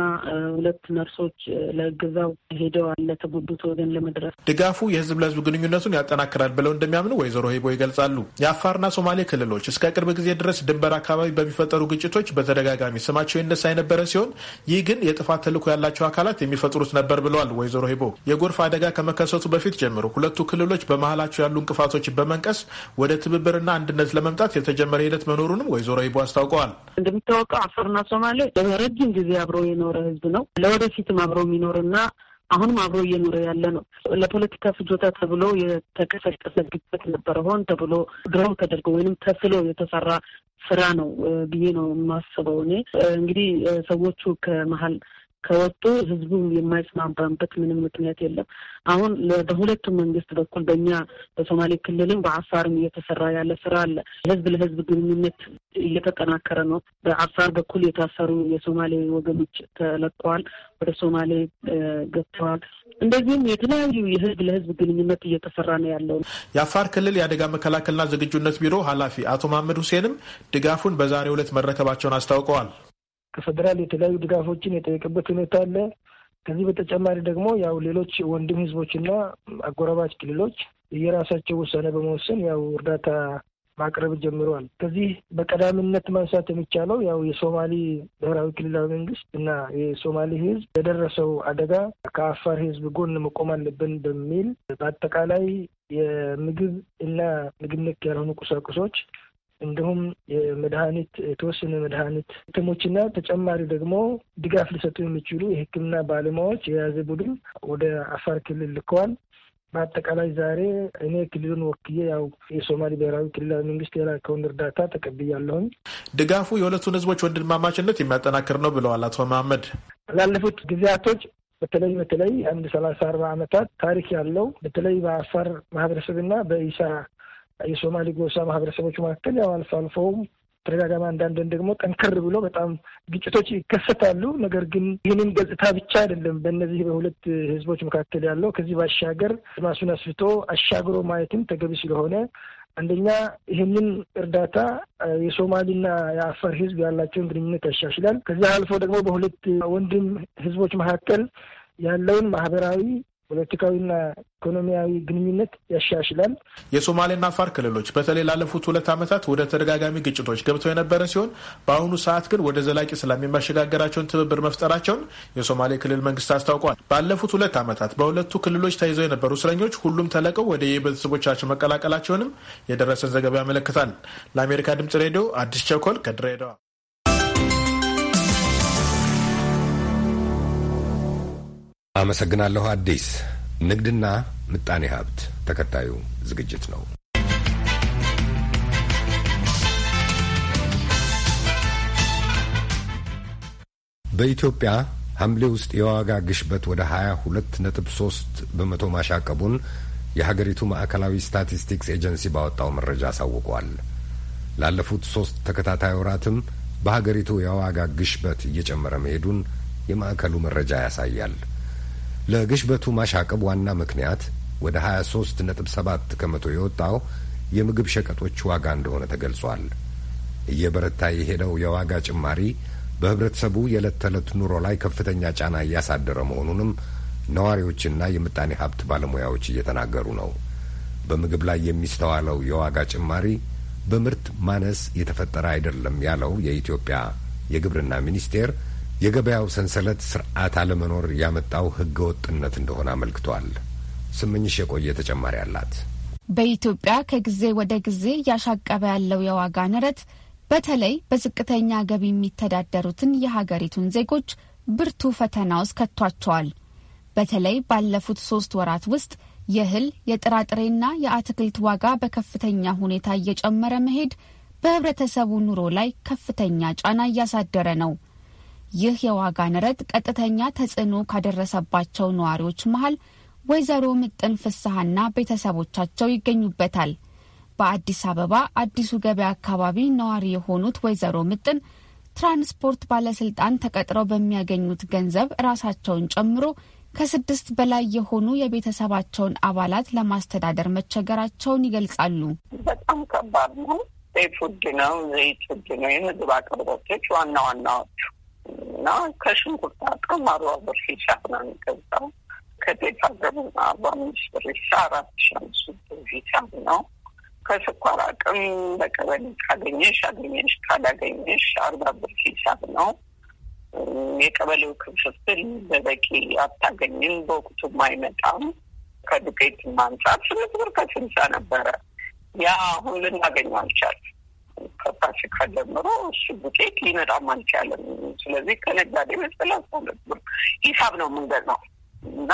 ሁለት ነርሶች ለገዛው ሄደዋል ለተጎዱት ወገን ለመድረስ ድጋፉ የህዝብ ለህዝብ ግንኙነቱን ያጠናክራል ብለው እንደሚያምኑ ወይዘሮ ሄቦ ይገልጻሉ። የአፋርና ሶማሌ ክልሎች እስከ ቅርብ ጊዜ ድረስ ድንበር አካባቢ በሚፈጠሩ ግጭቶች በተደጋጋሚ ስማቸው ይነሳ የነበረ ሲሆን ይህ ግን የጥፋት ተልዕኮ ያላቸው አካላት የሚፈጥሩት ነበር ብለዋል ወይዘሮ ሄቦ። የጎርፍ አደጋ ከመከሰቱ በፊት ጀምሮ ሁለቱ ክልሎች በመሀላቸው ያሉ እንቅፋቶች በመንቀስ ወደ ትብብርና አንድ ከአንድነት ለመምጣት የተጀመረ ሂደት መኖሩንም ወይዘሮ ይቦ አስታውቀዋል። እንደሚታወቀው አፋርና ሶማሌ ለረጅም ጊዜ አብሮ የኖረ ህዝብ ነው። ለወደፊትም አብሮ የሚኖርና አሁንም አብሮ እየኖረ ያለ ነው። ለፖለቲካ ፍጆታ ተብሎ የተቀሰቀሰ ግጭት ነበረ። ሆን ተብሎ ግራው ተደርጎ ወይንም ተስሎ የተሰራ ስራ ነው ብዬ ነው የማስበው እኔ እንግዲህ ሰዎቹ ከመሀል ከወጡ ህዝቡ የማይስማማበት ምንም ምክንያት የለም። አሁን በሁለቱም መንግስት በኩል በእኛ በሶማሌ ክልልም በአፋርም እየተሰራ ያለ ስራ አለ። ህዝብ ለህዝብ ግንኙነት እየተጠናከረ ነው። በአፋር በኩል የታሰሩ የሶማሌ ወገኖች ተለቀዋል፣ ወደ ሶማሌ ገብተዋል። እንደዚሁም የተለያዩ የህዝብ ለህዝብ ግንኙነት እየተሰራ ነው ያለው። የአፋር ክልል የአደጋ መከላከልና ዝግጁነት ቢሮ ኃላፊ አቶ መሀመድ ሁሴንም ድጋፉን በዛሬው ዕለት መረከባቸውን አስታውቀዋል። ከፌዴራል የተለያዩ ድጋፎችን የጠየቀበት ሁኔታ አለ። ከዚህ በተጨማሪ ደግሞ ያው ሌሎች ወንድም ህዝቦችና አጎራባች ክልሎች የራሳቸው ውሳኔ በመወሰን ያው እርዳታ ማቅረብ ጀምረዋል። ከዚህ በቀዳሚነት ማንሳት የሚቻለው ያው የሶማሌ ብሔራዊ ክልላዊ መንግስት እና የሶማሌ ህዝብ ለደረሰው አደጋ ከአፋር ህዝብ ጎን መቆም አለብን በሚል በአጠቃላይ የምግብ እና ምግብ ነክ ያልሆኑ ቁሳቁሶች እንዲሁም የመድኃኒት የተወሰነ የመድኃኒት ህክሞችና ተጨማሪ ደግሞ ድጋፍ ሊሰጡ የሚችሉ የህክምና ባለሙያዎች የያዘ ቡድን ወደ አፋር ክልል ልከዋል። በአጠቃላይ ዛሬ እኔ ክልሉን ወክዬ ያው የሶማሌ ብሔራዊ ክልላዊ መንግስት የላከውን እርዳታ ተቀብያለሁኝ። ድጋፉ የሁለቱን ህዝቦች ወንድማማችነት የሚያጠናክር ነው ብለዋል አቶ መሀመድ። ላለፉት ጊዜያቶች በተለይ በተለይ አንድ ሰላሳ አርባ ዓመታት ታሪክ ያለው በተለይ በአፋር ማህበረሰብና በኢሳ የሶማሌ ጎሳ ማህበረሰቦች መካከል ያው አልፎ አልፎውም ተደጋጋሚ አንዳንድን ደግሞ ጠንከር ብሎ በጣም ግጭቶች ይከሰታሉ። ነገር ግን ይህንን ገጽታ ብቻ አይደለም በእነዚህ በሁለት ህዝቦች መካከል ያለው ከዚህ ባሻገር ማሱን አስፍቶ አሻግሮ ማየትም ተገቢ ስለሆነ አንደኛ ይህንን እርዳታ የሶማሊና የአፋር ህዝብ ያላቸውን ግንኙነት ያሻሽላል። ከዚህ አልፎ ደግሞ በሁለት ወንድም ህዝቦች መካከል ያለውን ማህበራዊ ፖለቲካዊና ኢኮኖሚያዊ ግንኙነት ያሻሽላል። የሶማሌና አፋር ክልሎች በተለይ ላለፉት ሁለት ዓመታት ወደ ተደጋጋሚ ግጭቶች ገብተው የነበረ ሲሆን በአሁኑ ሰዓት ግን ወደ ዘላቂ ሰላም የሚያሸጋገራቸውን ትብብር መፍጠራቸውን የሶማሌ ክልል መንግስት አስታውቋል። ባለፉት ሁለት ዓመታት በሁለቱ ክልሎች ተይዘው የነበሩ እስረኞች ሁሉም ተለቀው ወደ የቤተሰቦቻቸው መቀላቀላቸውንም የደረሰን ዘገባ ያመለክታል። ለአሜሪካ ድምጽ ሬዲዮ አዲስ ቸኮል ከድሬዳዋ አመሰግናለሁ አዲስ። ንግድና ምጣኔ ሀብት ተከታዩ ዝግጅት ነው። በኢትዮጵያ ሐምሌ ውስጥ የዋጋ ግሽበት ወደ 223 በመቶ ማሻቀቡን የሀገሪቱ ማዕከላዊ ስታቲስቲክስ ኤጀንሲ ባወጣው መረጃ አሳውቋል። ላለፉት ሦስት ተከታታይ ወራትም በሀገሪቱ የዋጋ ግሽበት እየጨመረ መሄዱን የማዕከሉ መረጃ ያሳያል። ለግሽበቱ ማሻቀብ ዋና ምክንያት ወደ 23.7 ከመቶ የወጣው የምግብ ሸቀጦች ዋጋ እንደሆነ ተገልጿል። እየበረታ የሄደው የዋጋ ጭማሪ በህብረተሰቡ የዕለት ተዕለት ኑሮ ላይ ከፍተኛ ጫና እያሳደረ መሆኑንም ነዋሪዎችና የምጣኔ ሀብት ባለሙያዎች እየተናገሩ ነው። በምግብ ላይ የሚስተዋለው የዋጋ ጭማሪ በምርት ማነስ የተፈጠረ አይደለም ያለው የኢትዮጵያ የግብርና ሚኒስቴር የገበያው ሰንሰለት ስርዓት አለመኖር ያመጣው ህገ ወጥነት እንደሆነ አመልክቷል። ስምኝሽ የቆየ ተጨማሪ አላት። በኢትዮጵያ ከጊዜ ወደ ጊዜ እያሻቀበ ያለው የዋጋ ንረት በተለይ በዝቅተኛ ገቢ የሚተዳደሩትን የሀገሪቱን ዜጎች ብርቱ ፈተና ውስጥ ከቷቸዋል። በተለይ ባለፉት ሶስት ወራት ውስጥ የእህል የጥራጥሬና የአትክልት ዋጋ በከፍተኛ ሁኔታ እየጨመረ መሄድ በህብረተሰቡ ኑሮ ላይ ከፍተኛ ጫና እያሳደረ ነው። ይህ የዋጋ ንረት ቀጥተኛ ተጽዕኖ ካደረሰባቸው ነዋሪዎች መሀል ወይዘሮ ምጥን ፍስሐና ቤተሰቦቻቸው ይገኙበታል። በአዲስ አበባ አዲሱ ገበያ አካባቢ ነዋሪ የሆኑት ወይዘሮ ምጥን ትራንስፖርት ባለስልጣን ተቀጥረው በሚያገኙት ገንዘብ ራሳቸውን ጨምሮ ከስድስት በላይ የሆኑ የቤተሰባቸውን አባላት ለማስተዳደር መቸገራቸውን ይገልጻሉ። በጣም ከባድ ነው። ጤፍ ውድ ነው፣ ዘይት ውድ ነው። የምግብ አቅርቦቶች ዋና ዋናዎቹ እና ከሽንኩርት አጥቅም አርባ ብር ሂሳብ ነው የሚገዛው። ከጤፍ አገርም አርባ አምስት ብር ሂሳ አራት ሺ አምስት ብር ሂሳብ ነው። ከስኳር አቅም በቀበሌ ካገኘሽ አገኘሽ፣ ካላገኘሽ አርባ ብር ሂሳብ ነው። የቀበሌው ክፍፍል በበቂ አታገኝም፣ በወቅቱም አይመጣም። ከዱቄት አንጻር ስምንት ብር ከስልሳ ነበረ። ያ አሁን ልናገኘው አልቻልም። ከፋሲካ ጀምሮ እሱ ዱቄት ሊመጣም አልቻለም። ስለዚህ ከነጋዴ መጥላት ሂሳብ ነው የምንገዛው እና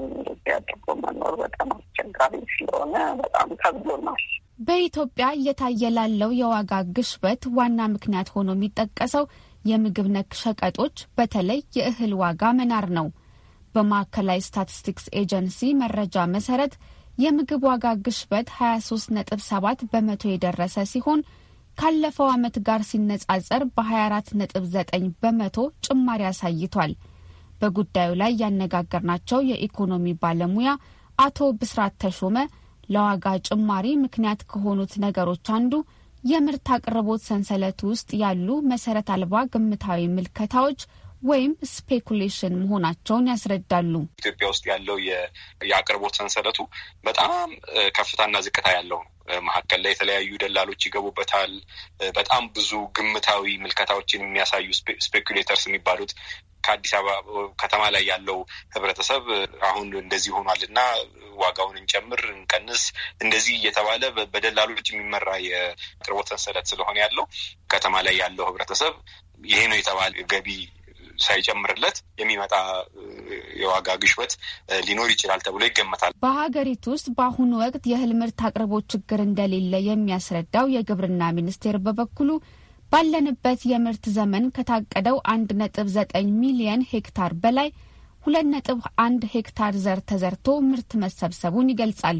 እንደዚህ አድርጎ መኖር በጣም አስቸጋሪ ስለሆነ በጣም ከብዶናል። በኢትዮጵያ እየታየ ላለው የዋጋ ግሽበት ዋና ምክንያት ሆኖ የሚጠቀሰው የምግብ ነክ ሸቀጦች በተለይ የእህል ዋጋ መናር ነው። በማዕከላዊ ስታቲስቲክስ ኤጀንሲ መረጃ መሰረት የምግብ ዋጋ ግሽበት 23.7 በመቶ የደረሰ ሲሆን ካለፈው ዓመት ጋር ሲነጻጸር በ24.9 በመቶ ጭማሪ አሳይቷል። በጉዳዩ ላይ ያነጋገርናቸው የኢኮኖሚ ባለሙያ አቶ ብስራት ተሾመ ለዋጋ ጭማሪ ምክንያት ከሆኑት ነገሮች አንዱ የምርት አቅርቦት ሰንሰለት ውስጥ ያሉ መሰረት አልባ ግምታዊ ምልከታዎች ወይም ስፔኩሌሽን መሆናቸውን ያስረዳሉ። ኢትዮጵያ ውስጥ ያለው የአቅርቦት ሰንሰለቱ በጣም ከፍታና ዝቅታ ያለው ነው። መካከል ላይ የተለያዩ ደላሎች ይገቡበታል። በጣም ብዙ ግምታዊ ምልከታዎችን የሚያሳዩ ስፔኩሌተርስ የሚባሉት ከአዲስ አበባ ከተማ ላይ ያለው ህብረተሰብ አሁን እንደዚህ ሆኗል እና ዋጋውን እንጨምር፣ እንቀንስ፣ እንደዚህ እየተባለ በደላሎች የሚመራ የአቅርቦት ሰንሰለት ስለሆነ ያለው ከተማ ላይ ያለው ህብረተሰብ ይሄ ነው የተባለ ገቢ ሳይጨምርለት የሚመጣ የዋጋ ግሽበት ሊኖር ይችላል ተብሎ ይገመታል። በሀገሪቱ ውስጥ በአሁኑ ወቅት የእህል ምርት አቅርቦት ችግር እንደሌለ የሚያስረዳው የግብርና ሚኒስቴር በበኩሉ ባለንበት የምርት ዘመን ከታቀደው አንድ ነጥብ ዘጠኝ ሚሊየን ሄክታር በላይ ሁለት ነጥብ አንድ ሄክታር ዘር ተዘርቶ ምርት መሰብሰቡን ይገልጻል።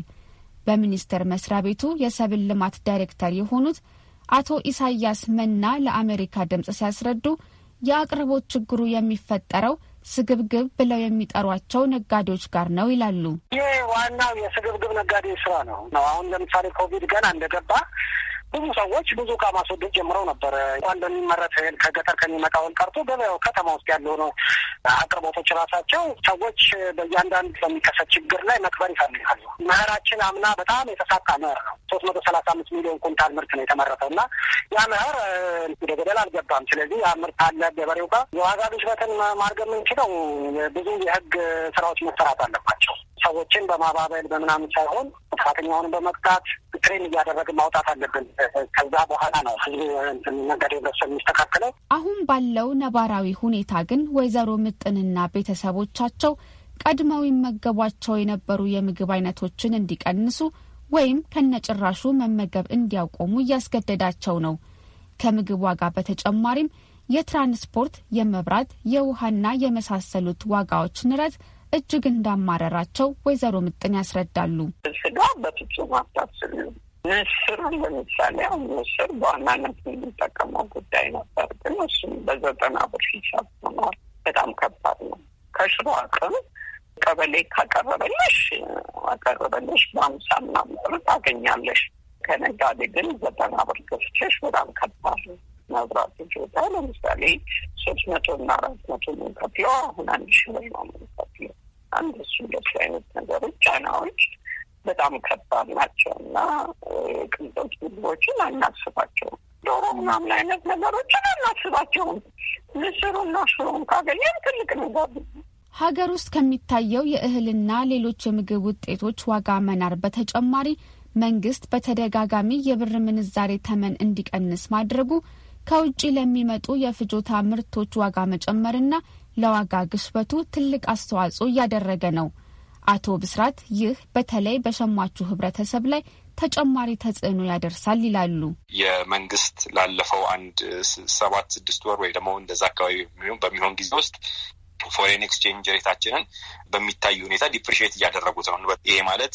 በሚኒስቴር መስሪያ ቤቱ የሰብል ልማት ዳይሬክተር የሆኑት አቶ ኢሳያስ መና ለአሜሪካ ድምጽ ሲያስረዱ የአቅርቦት ችግሩ የሚፈጠረው ስግብግብ ብለው የሚጠሯቸው ነጋዴዎች ጋር ነው ይላሉ። ይህ ዋናው የስግብግብ ነጋዴ ስራ ነው ነው አሁን ለምሳሌ ኮቪድ ገና እንደገባ ብዙ ሰዎች ብዙ እቃ ማስወደድ ጀምረው ነበር። እንኳን በሚመረት እህል ከገጠር ከሚመጣውን ቀርቶ ገበያው ከተማ ውስጥ ያለው ነው። አቅርቦቶች ራሳቸው ሰዎች በእያንዳንድ በሚከሰት ችግር ላይ መክበር ይፈልጋሉ። መኸራችን አምና በጣም የተሳካ ምህር ነው። ሶስት መቶ ሰላሳ አምስት ሚሊዮን ኩንታል ምርት ነው የተመረተው እና ያ ምህር ወደ ገደል አልገባም። ስለዚህ ያ ምርት አለ ገበሬው ጋር። የዋጋ ግሽበትን ማርገብ የምንችለው ብዙ የህግ ስራዎች መሰራት አለባቸው። ሰዎችን በማባበል በምናምን ሳይሆን ጥፋተኛውንም በመቅጣት ትሬን እያደረግን ማውጣት አለብን። ከዛ በኋላ ነው ህዝብ ነገር ህብረተሰብ የሚስተካከለው። አሁን ባለው ነባራዊ ሁኔታ ግን ወይዘሮ ምጥንና ቤተሰቦቻቸው ቀድመው ይመገቧቸው የነበሩ የምግብ አይነቶችን እንዲቀንሱ ወይም ከነጭራሹ መመገብ እንዲያቆሙ እያስገደዳቸው ነው። ከምግብ ዋጋ በተጨማሪም የትራንስፖርት፣ የመብራት፣ የውሃና የመሳሰሉት ዋጋዎች ንረት እጅግ እንዳማረራቸው ወይዘሮ ምጥን ያስረዳሉ። ስጋ በፍጹም አታስብም። ምስር ለምሳሌ አሁን ምስር በዋናነት የምንጠቀመው ጉዳይ ነበር፣ ግን እሱም በዘጠና ብር ሂሳብ ሆኗል። በጣም ከባድ ነው። ከሽሮ አቅም ቀበሌ ካቀረበለሽ አቀረበለሽ በአምሳ ምናምን ብር ታገኛለሽ። ከነጋዴ ግን ዘጠና ብር ገፍቸሽ በጣም ከባድ ነው። መብራት ጆታ ለምሳሌ ሶስት መቶ እና አራት መቶ ምንከፍለው አሁን አንድ ሺ ብር ነው ምንከፍለው አንድ እሱ እንደሱ አይነት ነገሮች ጫናዎች በጣም ከባድ ናቸው እና ቅንጦት ምግቦችን አናስባቸውም። ዶሮ ምናምን አይነት ነገሮችን አናስባቸውም። እና ሽሮን ካገኘን ትልቅ ነገር ሀገር ውስጥ ከሚታየው የእህልና ሌሎች የምግብ ውጤቶች ዋጋ መናር በተጨማሪ መንግስት በተደጋጋሚ የብር ምንዛሬ ተመን እንዲቀንስ ማድረጉ ከውጭ ለሚመጡ የፍጆታ ምርቶች ዋጋ መጨመርና ለዋጋ ግሽበቱ ትልቅ አስተዋጽኦ እያደረገ ነው። አቶ ብስራት ይህ በተለይ በሸማቹ ህብረተሰብ ላይ ተጨማሪ ተጽዕኖ ያደርሳል ይላሉ። የመንግስት ላለፈው አንድ ሰባት ስድስት ወር ወይ ደግሞ እንደዛ አካባቢ በሚሆን ጊዜ ውስጥ ፎሬን ኤክስቼንጅ ሬታችንን በሚታይ ሁኔታ ዲፕሪሽት እያደረጉት ነው። ይሄ ማለት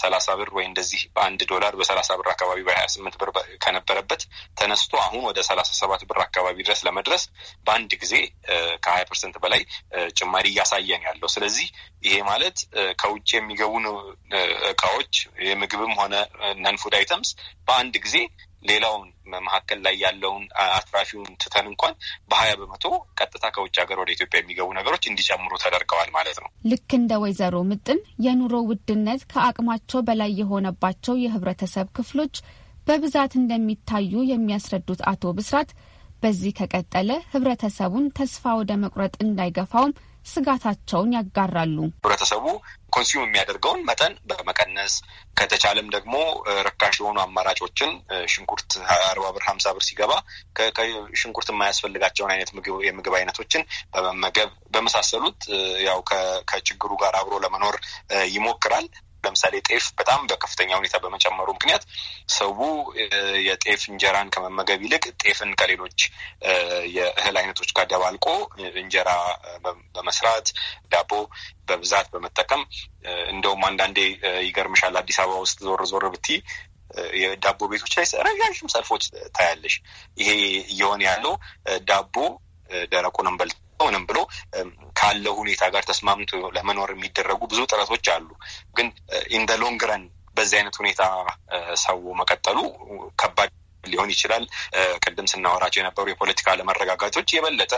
ሰላሳ ብር ወይ እንደዚህ በአንድ ዶላር በሰላሳ ብር አካባቢ በሀያ ስምንት ብር ከነበረበት ተነስቶ አሁን ወደ ሰላሳ ሰባት ብር አካባቢ ድረስ ለመድረስ በአንድ ጊዜ ከሀያ ፐርሰንት በላይ ጭማሪ እያሳየን ያለው። ስለዚህ ይሄ ማለት ከውጭ የሚገቡ እቃዎች የምግብም ሆነ ነንፉድ አይተምስ በአንድ ጊዜ ሌላውን መካከል ላይ ያለውን አትራፊውን ትተን እንኳን በሀያ በመቶ ቀጥታ ከውጭ ሀገር ወደ ኢትዮጵያ የሚገቡ ነገሮች እንዲጨምሩ ተደርገዋል ማለት ነው። ልክ እንደ ወይዘሮ ምጥን የኑሮ ውድነት ከአቅማቸው በላይ የሆነባቸው የህብረተሰብ ክፍሎች በብዛት እንደሚታዩ የሚያስረዱት አቶ ብስራት በዚህ ከቀጠለ ህብረተሰቡን ተስፋ ወደ መቁረጥ እንዳይገፋውም ስጋታቸውን ያጋራሉ። ህብረተሰቡ ኮንሱም የሚያደርገውን መጠን በመቀነስ ከተቻለም ደግሞ ርካሽ የሆኑ አማራጮችን ሽንኩርት አርባ ብር ሀምሳ ብር ሲገባ ሽንኩርት የማያስፈልጋቸውን አይነት የምግብ አይነቶችን በመመገብ በመሳሰሉት ያው ከችግሩ ጋር አብሮ ለመኖር ይሞክራል። ለምሳሌ ጤፍ በጣም በከፍተኛ ሁኔታ በመጨመሩ ምክንያት ሰው የጤፍ እንጀራን ከመመገብ ይልቅ ጤፍን ከሌሎች የእህል አይነቶች ጋር ደባልቆ እንጀራ በመስራት ዳቦ በብዛት በመጠቀም እንደውም አንዳንዴ ይገርምሻል፣ አዲስ አበባ ውስጥ ዞር ዞር ብቲ የዳቦ ቤቶች ላይ ረዣዥም ሰልፎች ታያለሽ። ይሄ እየሆነ ያለው ዳቦ ደረቁንም በልቶ ሆነም ብሎ ካለ ሁኔታ ጋር ተስማምቶ ለመኖር የሚደረጉ ብዙ ጥረቶች አሉ። ግን ኢን ሎንግ ረን በዚህ አይነት ሁኔታ ሰው መቀጠሉ ከባድ ሊሆን ይችላል። ቅድም ስናወራቸው የነበሩ የፖለቲካ አለመረጋጋቶች የበለጠ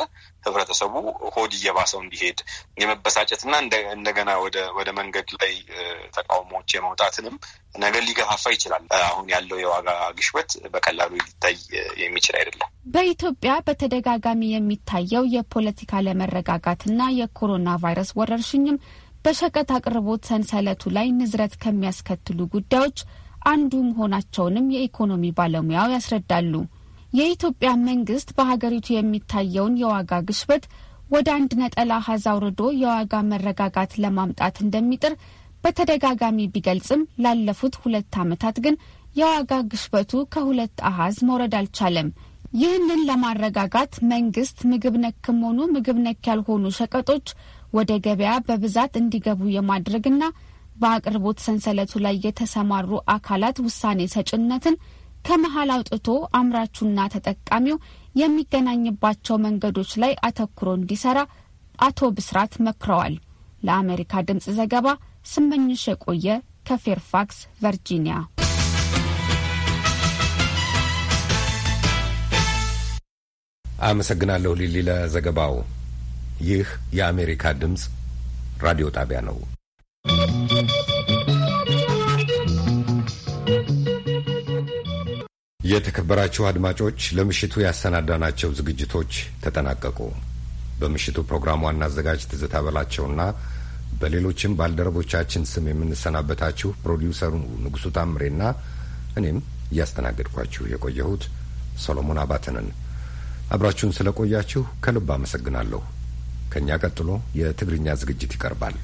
ህብረተሰቡ ሆድ እየባሰው እንዲሄድ የመበሳጨትና እንደገና ወደ መንገድ ላይ ተቃውሞዎች የመውጣትንም ነገር ሊገፋፋ ይችላል። አሁን ያለው የዋጋ ግሽበት በቀላሉ ሊታይ የሚችል አይደለም። በኢትዮጵያ በተደጋጋሚ የሚታየው የፖለቲካ አለመረጋጋትና የኮሮና ቫይረስ ወረርሽኝም በሸቀጥ አቅርቦት ሰንሰለቱ ላይ ንዝረት ከሚያስከትሉ ጉዳዮች አንዱ መሆናቸውንም የኢኮኖሚ ባለሙያው ያስረዳሉ። የኢትዮጵያ መንግስት በሀገሪቱ የሚታየውን የዋጋ ግሽበት ወደ አንድ ነጠላ አሃዝ አውርዶ የዋጋ መረጋጋት ለማምጣት እንደሚጥር በተደጋጋሚ ቢገልጽም ላለፉት ሁለት ዓመታት ግን የዋጋ ግሽበቱ ከሁለት አሃዝ መውረድ አልቻለም። ይህንን ለማረጋጋት መንግስት ምግብ ነክም ሆኑ ምግብ ነክ ያልሆኑ ሸቀጦች ወደ ገበያ በብዛት እንዲገቡ የማድረግና በአቅርቦት ሰንሰለቱ ላይ የተሰማሩ አካላት ውሳኔ ሰጭነትን ከመሀል አውጥቶ አምራቹና ተጠቃሚው የሚገናኝባቸው መንገዶች ላይ አተኩሮ እንዲሰራ አቶ ብስራት መክረዋል። ለአሜሪካ ድምፅ ዘገባ ስመኝሽ የቆየ ከፌርፋክስ ቨርጂኒያ። አመሰግናለሁ ሊሊ ለዘገባው። ይህ የአሜሪካ ድምፅ ራዲዮ ጣቢያ ነው። የተከበራችሁ አድማጮች ለምሽቱ ያሰናዳናቸው ዝግጅቶች ተጠናቀቁ። በምሽቱ ፕሮግራም ዋና አዘጋጅ ትዝታ በላቸውና በሌሎችም ባልደረቦቻችን ስም የምንሰናበታችሁ ፕሮዲውሰሩ ንጉሱ ታምሬና እኔም እያስተናገድኳችሁ የቆየሁት ሰሎሞን አባተንን አብራችሁን ስለ ቆያችሁ ከልብ አመሰግናለሁ። ከእኛ ቀጥሎ የትግርኛ ዝግጅት ይቀርባል።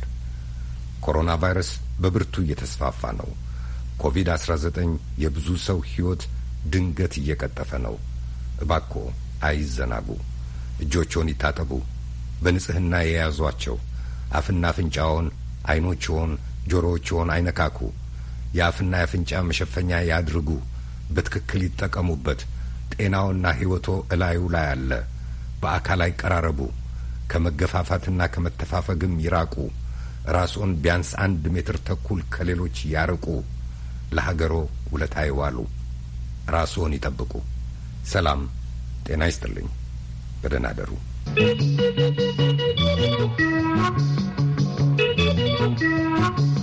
ኮሮና ቫይረስ በብርቱ እየተስፋፋ ነው። ኮቪድ-19 የብዙ ሰው ሕይወት ድንገት እየቀጠፈ ነው። እባኮ አይዘናጉ። እጆችዎን ይታጠቡ። በንጽህና የያዟቸው። አፍና አፍንጫውን አይኖችውን ጆሮዎችዎን አይነካኩ። የአፍና የአፍንጫ መሸፈኛ ያድርጉ። በትክክል ይጠቀሙበት። ጤናውና ሕይወቶ እላዩ ላይ አለ። በአካል አይቀራረቡ። ከመገፋፋትና ከመተፋፈግም ይራቁ። ራስዎን ቢያንስ አንድ ሜትር ተኩል ከሌሎች ያርቁ። ለሀገሮ ውለታ ይዋሉ። ራስዎን ይጠብቁ። ሰላም ጤና ይስጥልኝ። በደህና አደሩ። Thank you.